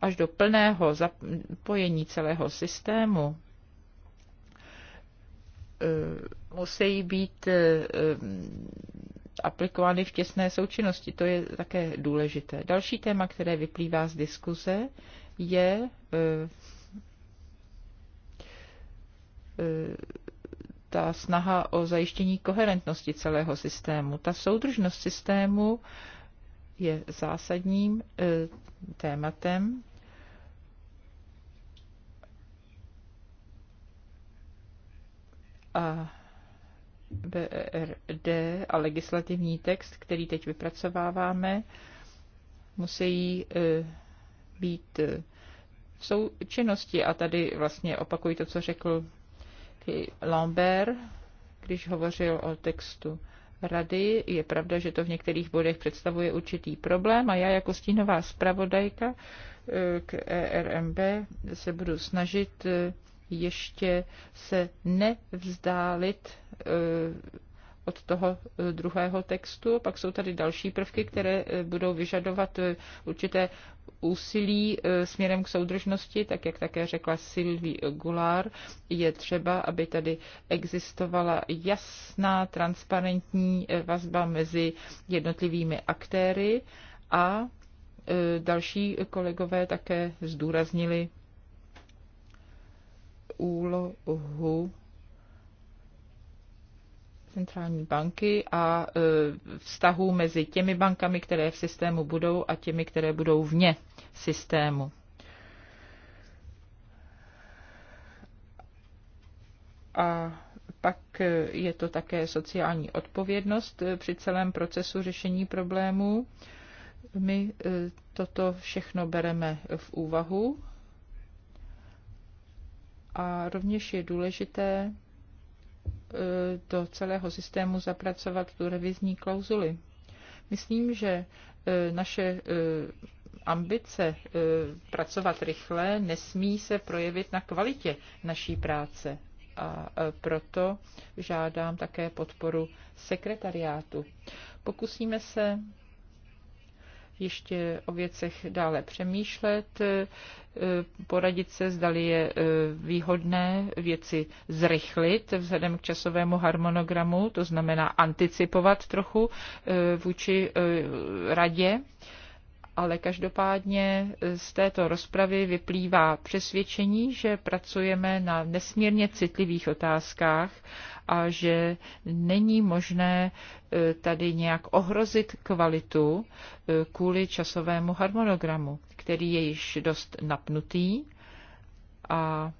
až do plného zapojení celého systému uh, musí být um, aplikovány v těsné součinnosti. To je také důležité. Další téma, které vyplývá z diskuze, je eh, eh, ta snaha o zajištění koherentnosti celého systému. Ta soudržnost systému je zásadním eh, tématem. A BRD e a legislativní text, který teď vypracováváme, musí být eh, v součinnosti. A tady vlastně opakuji to, co řekl Lambert, když hovořil o textu rady. Je pravda, že to v některých bodech představuje určitý problém a já jako stínová zpravodajka eh, k ERMB se budu snažit eh, ještě se nevzdálit od toho eh, druhého textu. Pak jsou tady další prvky, které eh, budou vyžadovat eh, určité úsilí směrem k soudržnosti, tak jak také řekla Sylvie Goulart, je třeba, aby tady existovala jasná, transparentní vazba mezi jednotlivými aktéry a další kolegové také zdůraznili úlohu centrální banky a e, vztahů mezi těmi bankami, které v systému budou a těmi, které budou vně systému. A pak e, je to také sociální odpovědnost e, při celém procesu řešení problémů. My toto všechno bereme v úvahu a rovněž je důležité Eh, do celého systému zapracovat tu revizní klauzuli. Myslím, že eh, naše eh, ambice pracovat rychle nesmí se projevit na kvalitě naší práce. A proto žádám také podporu sekretariátu. Pokusíme se ještě o věcech dále přemýšlet, eh, poradit se, zdali je eh, výhodné věci zrychlit vzhledem k časovému harmonogramu, to znamená anticipovat trochu eh, vůči radě ale každopádně z této rozpravy vyplývá přesvědčení, že pracujeme na nesmírně citlivých otázkách a že není možné e, tady nějak ohrozit kvalitu e, kvůli časovému harmonogramu, který je již dost napnutý a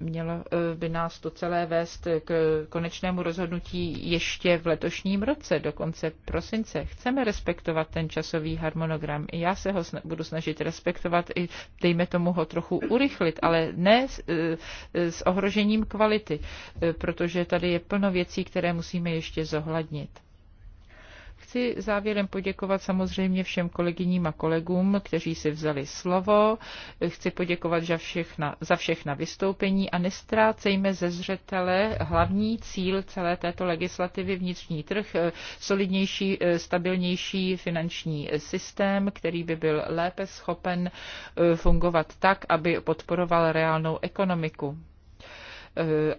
mělo eh, by nás to celé vést k konečnému rozhodnutí ještě v letošním roce, do konce prosince. Chceme respektovat ten časový harmonogram. I já se ho budu snažit respektovat i, dejme tomu, ho trochu urychlit, ale ne s, eh, s ohrožením kvality, eh, protože tady je plno věcí, které musíme ještě zohlednit. Chci závěrem poděkovat samozřejmě všem kolegyním a kolegům, kteří si vzali slovo. Chci poděkovat za všechna, za všechna vystoupení a nestrácejme ze zřetele hlavní cíl celé této legislativy vnitřní trh, eh, solidnější, eh, stabilnější finanční systém, který by byl lépe schopen eh, fungovat tak, aby podporoval reálnou ekonomiku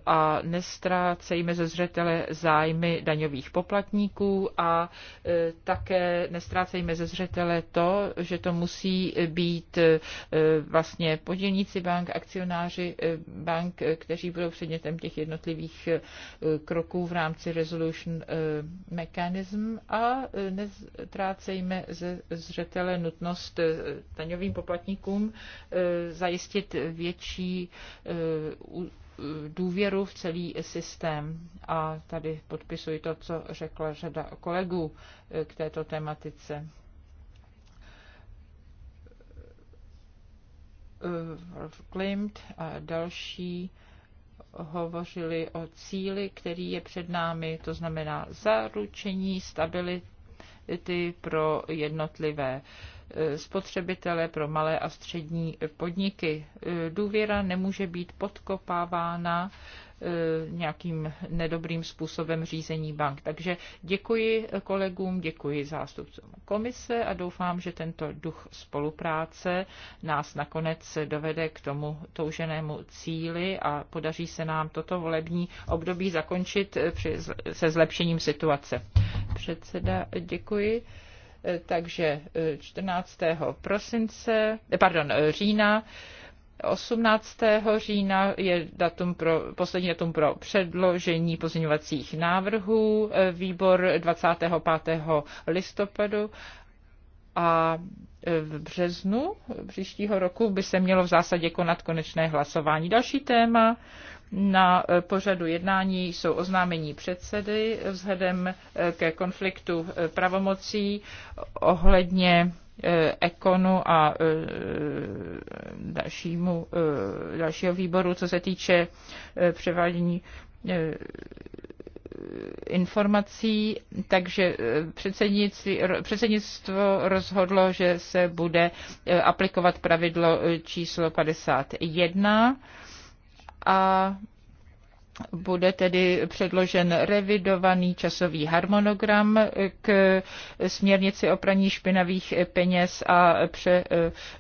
a nestrácejme ze zřetele zájmy daňových poplatníků a e, také nestrácejme ze zřetele to, že to musí být e, vlastně podělníci bank, akcionáři e, bank, kteří budou předmětem těch jednotlivých kroků v rámci resolution mechanism a nestrácejme ze zřetele nutnost daňovým poplatníkům zajistit větší důvěru v celý systém. A tady podpisuji to, co řekla řada kolegů eh, k této tematice. Rolf eh, Klimt a další hovořili o cíli, který je před námi, to znamená zaručení stability pro jednotlivé uh, Eh, spotřebitele, pro malé a střední podniky. Eh, důvěra nemůže být podkopávána eh, nějakým nedobrým způsobem řízení bank. Takže děkuji kolegům, děkuji zástupcům komise a doufám, že tento duch spolupráce nás nakonec dovede k tomu touženému cíli a podaří se nám toto volební období zakončit při, se zlepšením situace. Předseda, děkuji. Eh, takže 14. Eh, prosince, eh, pardon, října 18. října je datum pro, poslední datum pro předložení pozměňovacích návrhů, výbor 25. listopadu a v březnu příštího roku by se mělo v zásadě konat konečné hlasování. Další téma na eh, pořadu jednání jsou oznámení předsedy vzhledem eh, ke konfliktu eh, pravomocí ohledně ekonu a dalšímu, dalšího výboru, co se týče převádění informací, takže předsednictvo rozhodlo, že se bude aplikovat pravidlo číslo 51 a bude tedy předložen revidovaný časový harmonogram k směrnici o praní špinavých peněz a, pře,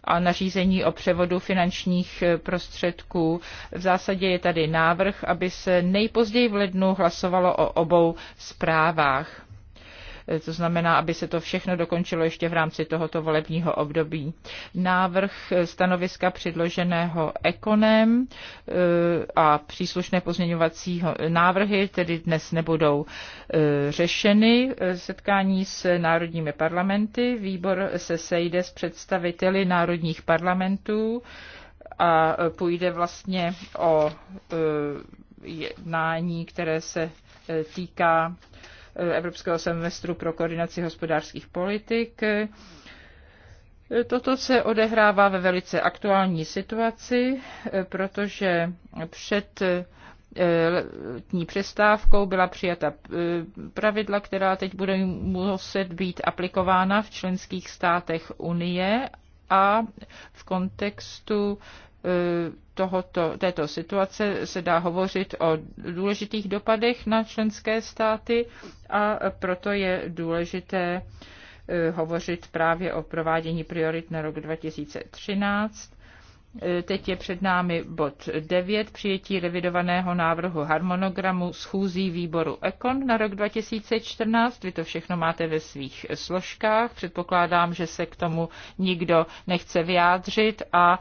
a nařízení o převodu finančních prostředků. V zásadě je tady návrh, aby se nejpozději v lednu hlasovalo o obou zprávách. To znamená, aby se to všechno dokončilo ještě v rámci tohoto volebního období. Návrh stanoviska předloženého ekonem eh, a příslušné pozměňovací návrhy tedy dnes nebudou eh, řešeny. Setkání s národními parlamenty. Výbor se sejde s představiteli národních parlamentů a půjde vlastně o eh, jednání, které se týká Evropského semestru pro koordinaci hospodářských politik. Toto se odehrává ve velice aktuální situaci, protože před eh, letní přestávkou byla přijata eh, pravidla, která teď bude muset být aplikována v členských státech Unie a v kontextu Eh, tohoto, této situace se dá hovořit o důležitých dopadech na členské státy a proto je důležité eh, hovořit právě o provádění priorit na rok 2013 Teď je před námi bod 9, přijetí revidovaného návrhu harmonogramu schůzí výboru EKON na rok 2014. Vy to všechno máte ve svých složkách. Předpokládám, že se k tomu nikdo nechce vyjádřit a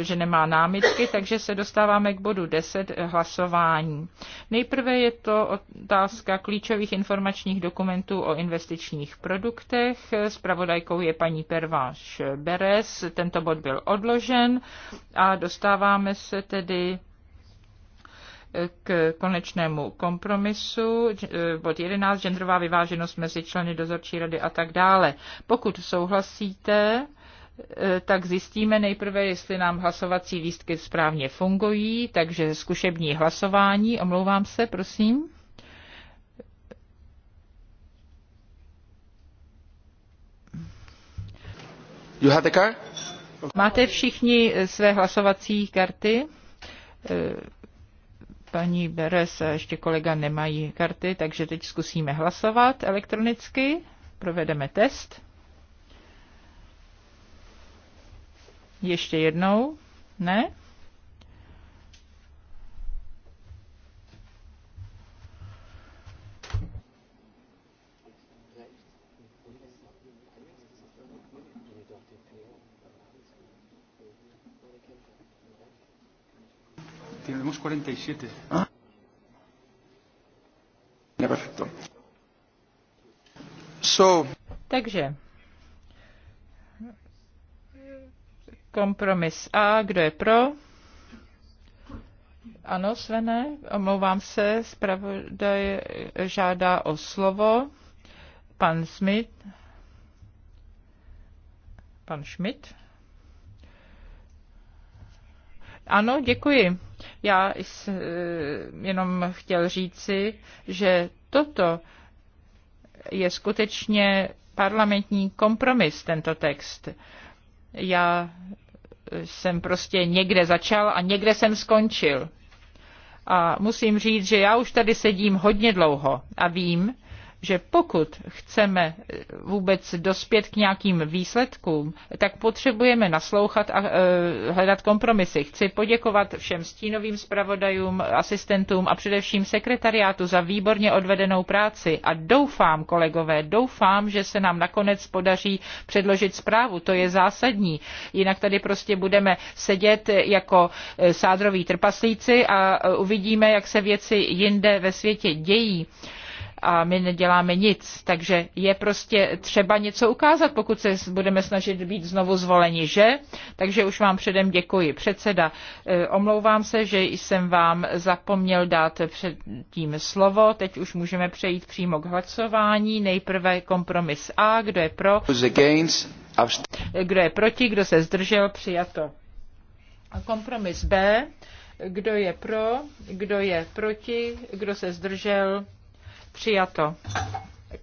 že nemá námitky, takže se dostáváme k bodu 10 hlasování. Nejprve je to otázka klíčových informačních dokumentů o investičních produktech. Spravodajkou je paní Perváš Beres. Tento bod byl odložen a dostáváme se tedy eh, k konečnému kompromisu, eh, bod 11, genderová vyváženost mezi členy dozorčí rady a tak dále. Pokud souhlasíte, eh, tak zjistíme nejprve, jestli nám hlasovací lístky správně fungují, takže zkušební hlasování, omlouvám se, prosím. You have the car? Máte všichni eh, své hlasovací karty? Eh, paní Beres a ještě kolega nemají karty, takže teď zkusíme hlasovat elektronicky. Provedeme test. Ještě jednou? Ne? 247. Ah. So. Takže kompromis A, kdo je pro? Ano, Svené, omlouvám se, zpravodaj žádá o slovo. Pan Smith. Pan Schmidt. Ano, děkuji. Já jsem eh, jenom chtěl říci, že toto je skutečně parlamentní kompromis, tento text. Já jsem prostě někde začal a někde jsem skončil. A musím říct, že já už tady sedím hodně dlouho a vím, že pokud chceme vůbec dospět k nějakým výsledkům, tak potřebujeme naslouchat a e, hledat kompromisy. Chci poděkovat všem stínovým zpravodajům, asistentům a především sekretariátu za výborně odvedenou práci a doufám, kolegové, doufám, že se nám nakonec podaří předložit zprávu. To je zásadní. Jinak tady prostě budeme sedět jako e, sádroví trpaslíci a e, uvidíme, jak se věci jinde ve světě dějí a my neděláme nic. Takže je prostě třeba něco ukázat, pokud se budeme snažit být znovu zvoleni, že? Takže už vám předem děkuji. Předseda, e, omlouvám se, že jsem vám zapomněl dát tím slovo. Teď už můžeme přejít přímo k hlasování. Nejprve kompromis A, kdo je pro? Kdo je proti, kdo se zdržel, přijato. A kompromis B, kdo je pro, kdo je proti, kdo se zdržel, Přijato.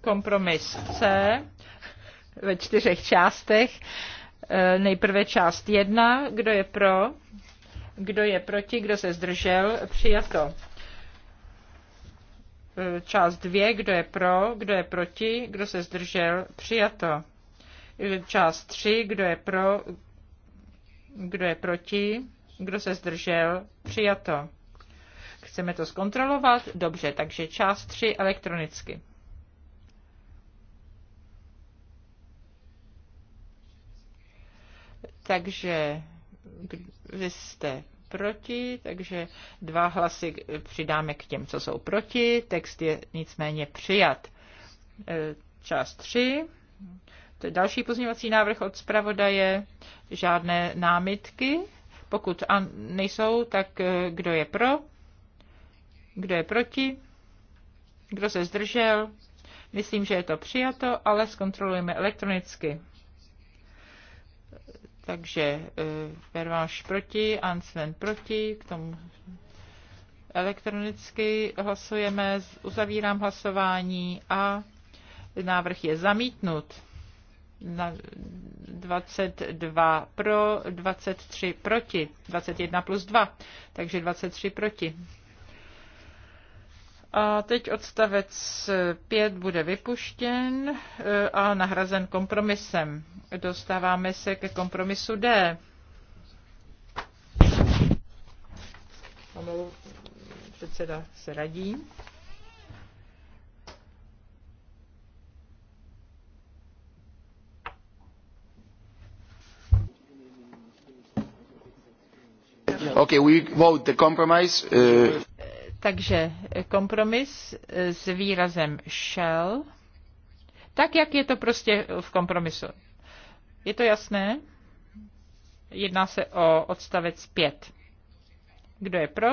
Kompromis C ve čtyřech částech. E, nejprve část jedna, Kdo je pro? Kdo je proti? Kdo se zdržel? Přijato. E, část dvě, Kdo je pro? Kdo je proti? Kdo se zdržel? Přijato. E, část tři, Kdo je pro? Kdo je proti? Kdo se zdržel? Přijato. Chceme to zkontrolovat? Dobře, takže část 3 elektronicky. Takže vy jste proti, takže dva hlasy přidáme k těm, co jsou proti. Text je nicméně přijat. E, část 3. To je další pozměňovací návrh od zpravodaje. Žádné námitky. Pokud nejsou, tak e, kdo je pro? Kdo je proti? Kdo se zdržel? Myslím, že je to přijato, ale zkontrolujeme elektronicky. Takže eh, Perváš proti, Ansven proti, k tomu elektronicky hlasujeme, uzavírám hlasování a návrh je zamítnut. Na 22 pro, 23 proti, 21 plus 2, takže 23 proti. A teď odstavec 5 bude vypuštěn e, a nahrazen kompromisem. Dostáváme se ke kompromisu D. Omlouv, předseda se radí. Okay, we vote the compromise. Uh... Takže kompromis s výrazem shall, tak jak je to prostě v kompromisu. Je to jasné? Jedná se o odstavec 5. Kdo je pro?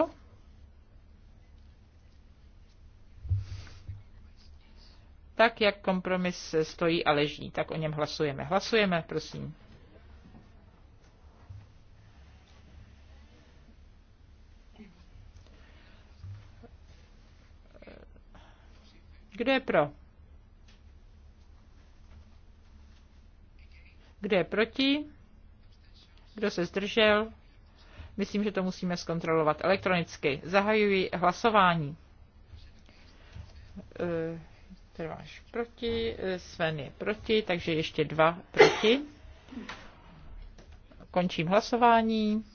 Tak, jak kompromis stojí a leží, tak o něm hlasujeme. Hlasujeme, prosím. Kdo je pro? Kdo je proti? Kdo se zdržel? Myslím, že to musíme zkontrolovat elektronicky. Zahajuji hlasování. E, Tady máš proti, e, Sven je proti, takže ještě dva proti. Končím hlasování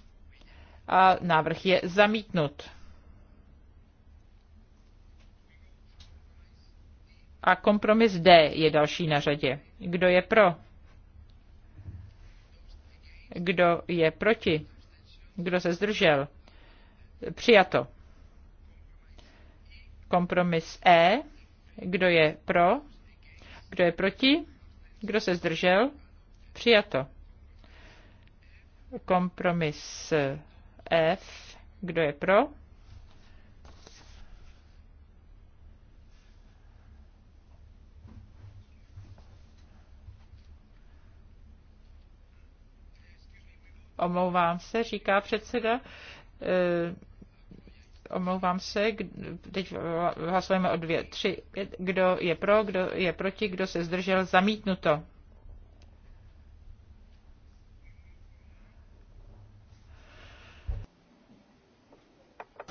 a návrh je zamítnut. A kompromis D je další na řadě. Kdo je pro? Kdo je proti? Kdo se zdržel? Přijato. Kompromis E. Kdo je pro? Kdo je proti? Kdo se zdržel? Přijato. Kompromis F. Kdo je pro? Omlouvám se, říká předseda. E, omlouvám se, teď hlasujeme o dvě, tři. Kdo je pro, kdo je proti, kdo se zdržel, zamítnuto.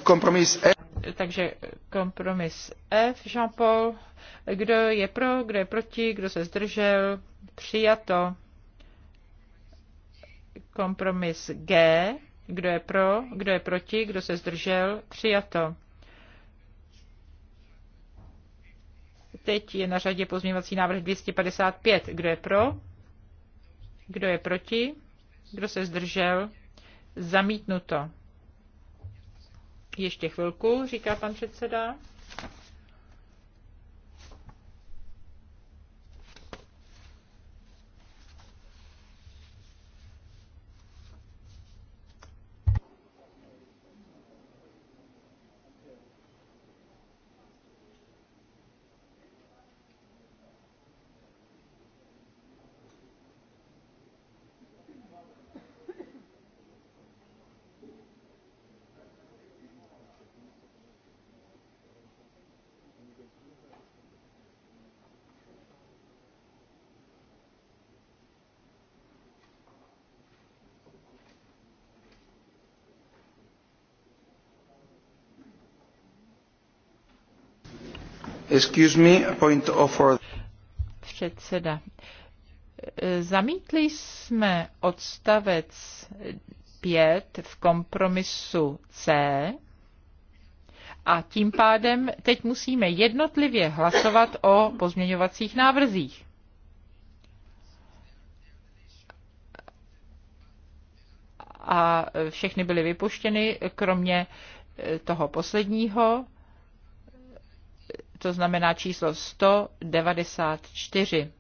kompromis F. E. Takže kompromis F, Jean-Paul. Kdo je pro, kdo je proti, kdo se zdržel? Přijato. Kompromis G. Kdo je pro? Kdo je proti? Kdo se zdržel? Přijato. Teď je na řadě pozměňovací návrh 255. Kdo je pro? Kdo je proti? Kdo se zdržel? Zamítnuto. Ještě chvilku, říká pan předseda. Předseda. Zamítli jsme odstavec 5 v kompromisu C a tím pádem teď musíme jednotlivě hlasovat o pozměňovacích návrzích. A všechny byly vypuštěny, kromě toho posledního, to znamená číslo 194.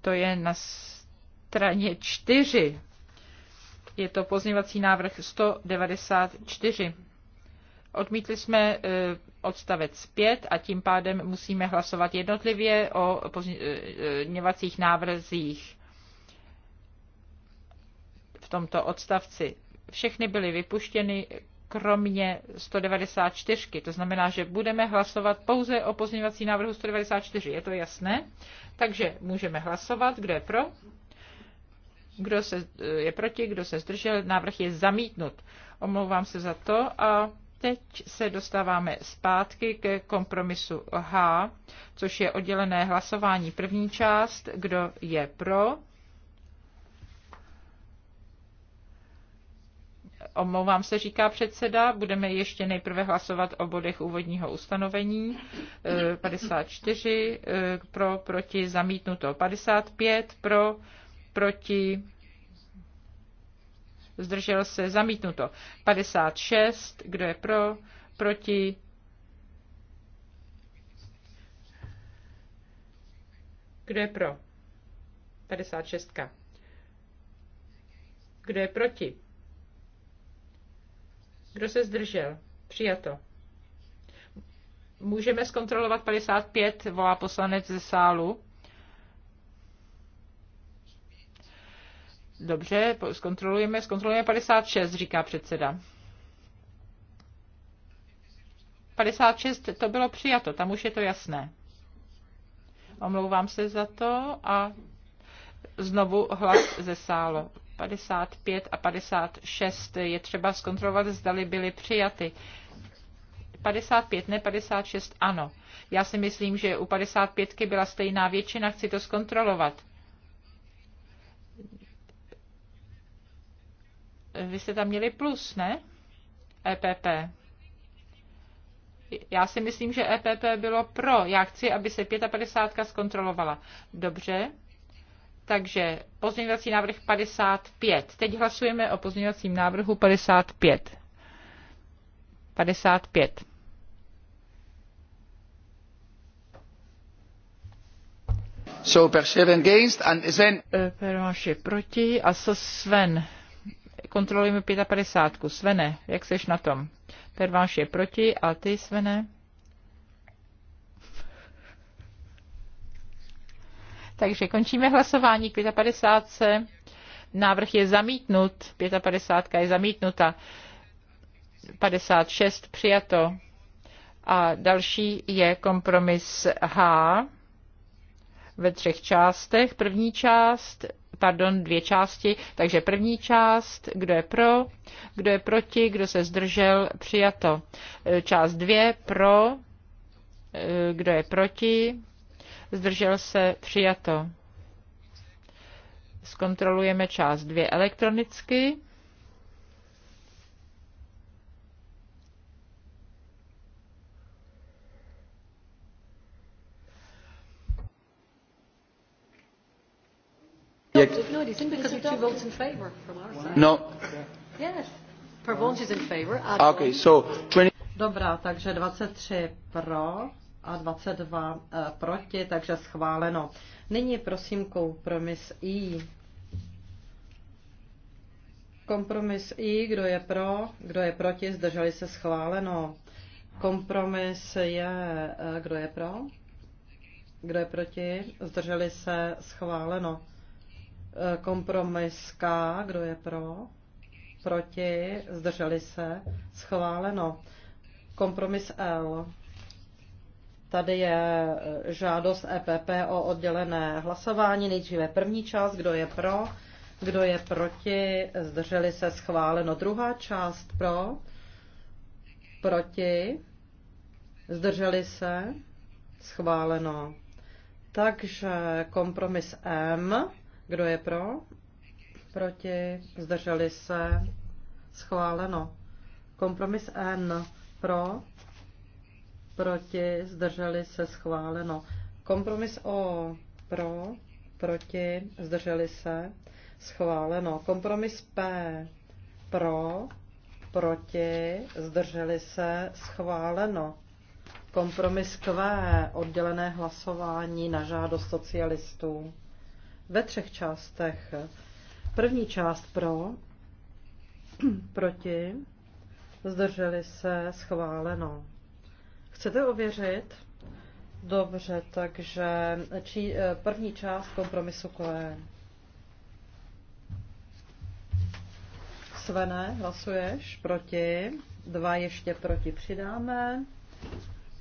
To je na straně 4. Je to pozněvací návrh 194. Odmítli jsme e, odstavec 5 a tím pádem musíme hlasovat jednotlivě o pozněvacích e, návrzích v tomto odstavci. Všechny byly vypuštěny, kromě 194. To znamená, že budeme hlasovat pouze o pozměňovací návrhu 194. Je to jasné? Takže můžeme hlasovat. Kdo je pro? Kdo se, je proti? Kdo se zdržel? Návrh je zamítnut. Omlouvám se za to a teď se dostáváme zpátky ke kompromisu H, což je oddělené hlasování. První část, kdo je pro, Omlouvám se, říká předseda, budeme ještě nejprve hlasovat o bodech úvodního ustanovení 54 eh, eh, pro, proti, zamítnuto 55 pro, proti, zdržel se, zamítnuto 56, kdo je pro, proti, kdo je pro, 56. Kdo je proti? Kdo se zdržel? Přijato. Můžeme zkontrolovat 55, volá poslanec ze sálu. Dobře, zkontrolujeme, zkontrolujeme 56, říká předseda. 56 to bylo přijato, tam už je to jasné. Omlouvám se za to a znovu hlas ze sálu. 55 a 56. Je třeba zkontrolovat, zdali byly přijaty. 55 ne, 56 ano. Já si myslím, že u 55 byla stejná většina, chci to zkontrolovat. Vy jste tam měli plus, ne? EPP. Já si myslím, že EPP bylo pro. Já chci, aby se 55 zkontrolovala. Dobře. Takže pozměňovací návrh 55. Teď hlasujeme o pozměňovacím návrhu 55. 55. So per against and Sven. Eh, Pervaš je proti a so Sven. Kontrolujeme 55. Svene, jak seš na tom? Pervaš je proti a ty, Svene? Takže končíme hlasování k 55. Návrh je zamítnut, 55 je zamítnuta, 56 přijato. A další je kompromis H ve třech částech. První část, pardon, dvě části, takže první část, kdo je pro, kdo je proti, kdo se zdržel, přijato. Část dvě, pro, eh, kdo je proti, zdržel se, přijato. Zkontrolujeme část 2 elektronicky. No, no, it isn't because two votes in favor from our side. No. Yes. is in favor. Okay, so 20... Dobrá, takže 23 pro, a 22 eh, proti, takže schváleno. Nyní prosím kompromis I. Kompromis I, kdo je pro, kdo je proti, zdrželi se schváleno. Kompromis je, eh, kdo je pro, kdo je proti, zdrželi se schváleno. Eh, kompromis K, kdo je pro, proti, zdrželi se schváleno. Kompromis L. Tady je eh, žádost EPP o oddělené hlasování. Nejdříve první část, kdo je pro, kdo je proti, zdrželi se schváleno. Druhá část pro, proti, zdrželi se schváleno. Takže kompromis M, kdo je pro, proti, zdrželi se schváleno. Kompromis N pro, proti, zdrželi se schváleno. Kompromis O pro, proti, zdrželi se schváleno. Kompromis P pro, proti, zdrželi se schváleno. Kompromis Q oddělené hlasování na žádost socialistů ve třech částech. První část pro, proti, zdrželi se schváleno. Chcete ověřit? Dobře, takže či, eh, první část kompromisu koje. Svené, hlasuješ proti. Dva ještě proti přidáme.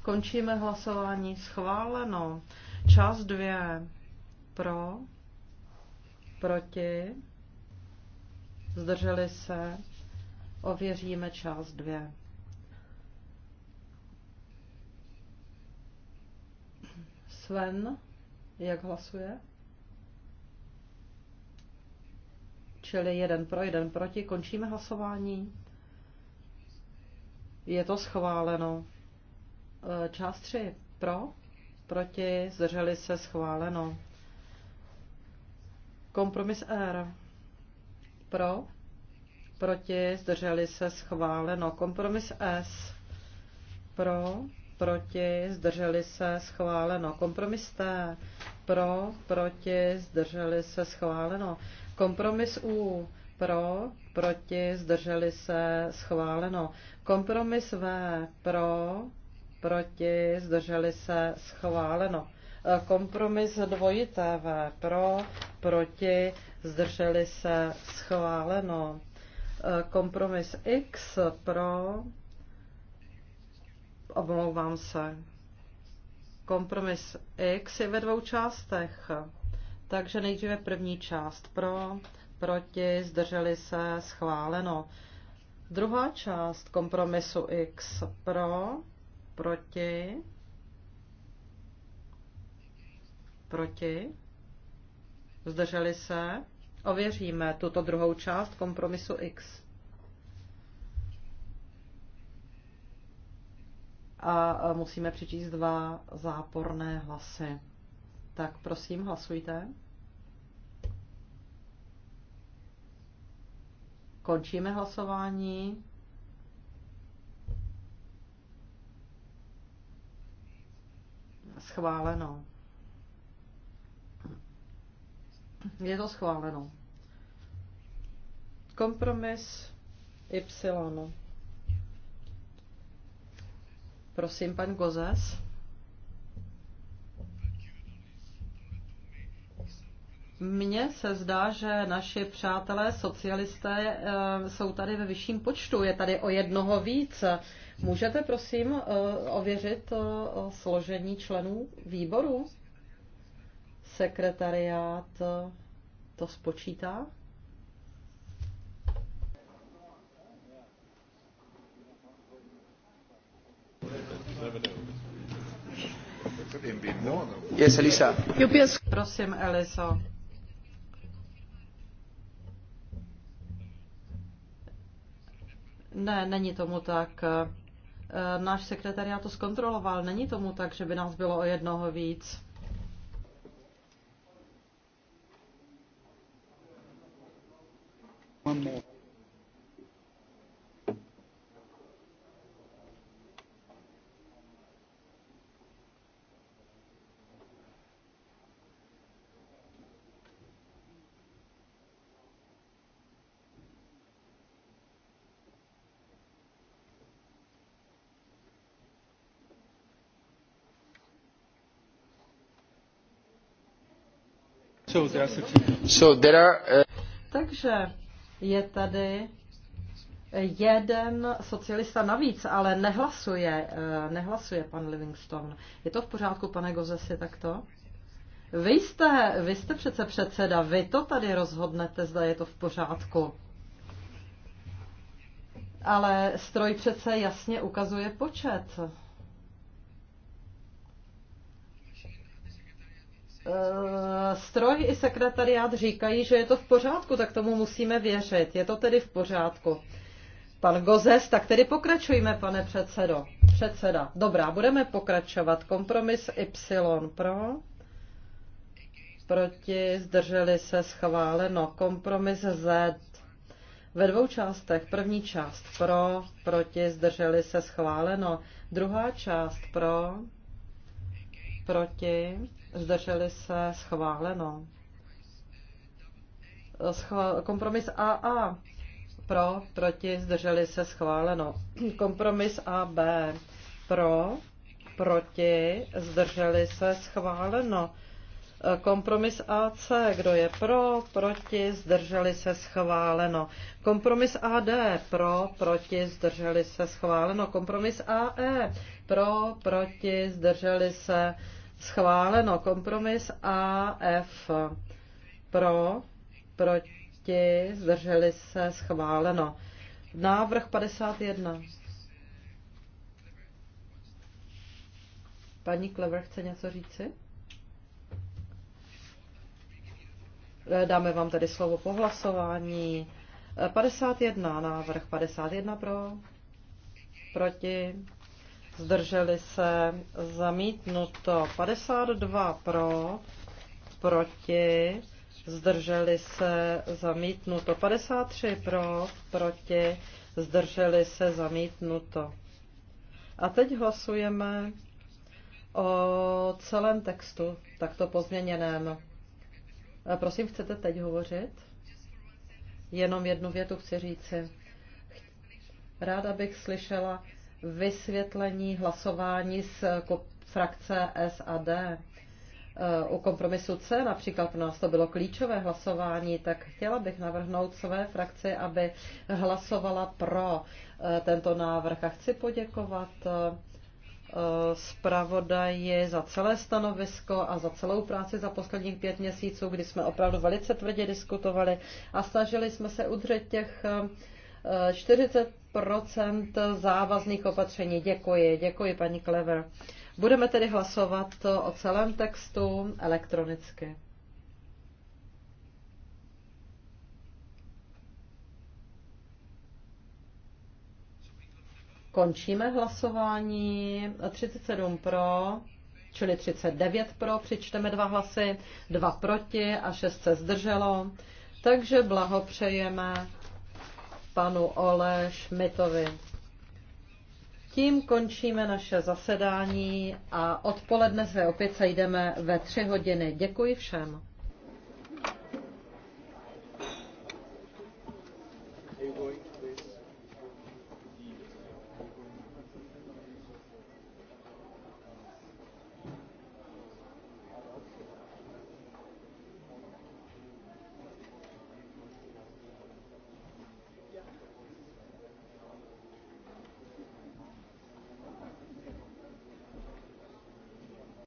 Končíme hlasování. Schváleno. Část dvě. Pro. Proti. Zdrželi se. Ověříme část dvě. Sven, jak hlasuje? Čili jeden pro, jeden proti. Končíme hlasování. Je to schváleno. E, část 3 pro, proti, zdrželi se schváleno. Kompromis R. Pro, proti, zdrželi se schváleno. Kompromis S. Pro, proti, zdrželi se, schváleno. Kompromis T, pro, proti, zdrželi se, schváleno. Kompromis U, pro, proti, zdrželi se, schváleno. Kompromis V, pro, proti, zdrželi se, schváleno. E, kompromis dvojité V, pro, proti, zdrželi se, schváleno. E, kompromis X, pro, Omlouvám se. Kompromis X je ve dvou částech. Takže nejdříve první část pro, proti, zdrželi se, schváleno. Druhá část kompromisu X pro, proti, proti, zdrželi se. Ověříme tuto druhou část kompromisu X. a musíme přečíst dva záporné hlasy. Tak prosím, hlasujte. Končíme hlasování. Schváleno. Je to schváleno. Kompromis Y. Prosím, pan Gozas. Mně se zdá, že naši přátelé socialisté eh, jsou tady ve vyšším počtu. Je tady o jednoho víc. Můžete prosím eh, ověřit eh, složení členů výboru? Sekretariát to spočítá? Yes, Elisa. Prosím, Elisa. Ne, není tomu tak. E, náš sekretariat to zkontroloval. Není tomu tak, že by nás bylo o jednoho víc. One more. Eh, Takže je tady jeden socialista navíc, ale nehlasuje, eh, nehlasuje pan Livingstone. Je to v pořádku, pane Gozesi, takto? Vy jste, vy jste přece předseda, vy to tady rozhodnete, zda je to v pořádku. Ale stroj přece jasně ukazuje počet. Eh, stroj i sekretariát říkají, že je to v pořádku, tak tomu musíme věřit. Je to tedy v pořádku. Pan Gozes, tak tedy pokračujme, pane předsedo. Předseda. Dobrá, budeme pokračovat. Kompromis Y pro. Proti zdrželi se schváleno. Kompromis Z ve dvou částech. První část pro, proti zdrželi se schváleno. Druhá část pro, proti, zdrželi se, schváleno. Schva- kompromis AA, pro, proti, zdrželi se, schváleno. Kompromis AB, pro, proti, zdrželi se, schváleno. Kompromis AC, kdo je pro, proti, zdrželi se, schváleno. Kompromis AD, pro, proti, zdrželi se, schváleno. Kompromis AE, pro, proti, zdrželi se, schváleno Schváleno kompromis AF pro, proti, zdrželi se, schváleno. Návrh 51. Paní Klever chce něco říci? Eh, dáme vám tady slovo po hlasování. 51 eh, návrh, 51 pro, proti, zdrželi se, zamítnuto 52 pro, proti, zdrželi se, zamítnuto 53 pro, proti, zdrželi se, zamítnuto. A teď hlasujeme o celém textu, takto pozměněném. E, prosím, chcete teď hovořit? Jenom jednu větu chci říci. Ráda bych slyšela vysvětlení hlasování z frakce SAD. E, u kompromisu C například pro nás to bylo klíčové hlasování, tak chtěla bych navrhnout své frakci, aby hlasovala pro e, tento návrh. A chci poděkovat e, zpravodaji za celé stanovisko a za celou práci za posledních pět měsíců, kdy jsme opravdu velice tvrdě diskutovali a snažili jsme se udržet těch 40 Procent závazných opatření. Děkuji, děkuji paní Klever. Budeme tedy hlasovat o celém textu elektronicky. Končíme hlasování. 37 pro, čili 39 pro, přičteme dva hlasy, dva proti a 6 se zdrželo. Takže blahopřejeme panu Ole Šmitovi. Tím končíme naše zasedání a odpoledne se opět sejdeme ve tři hodiny. Děkuji všem.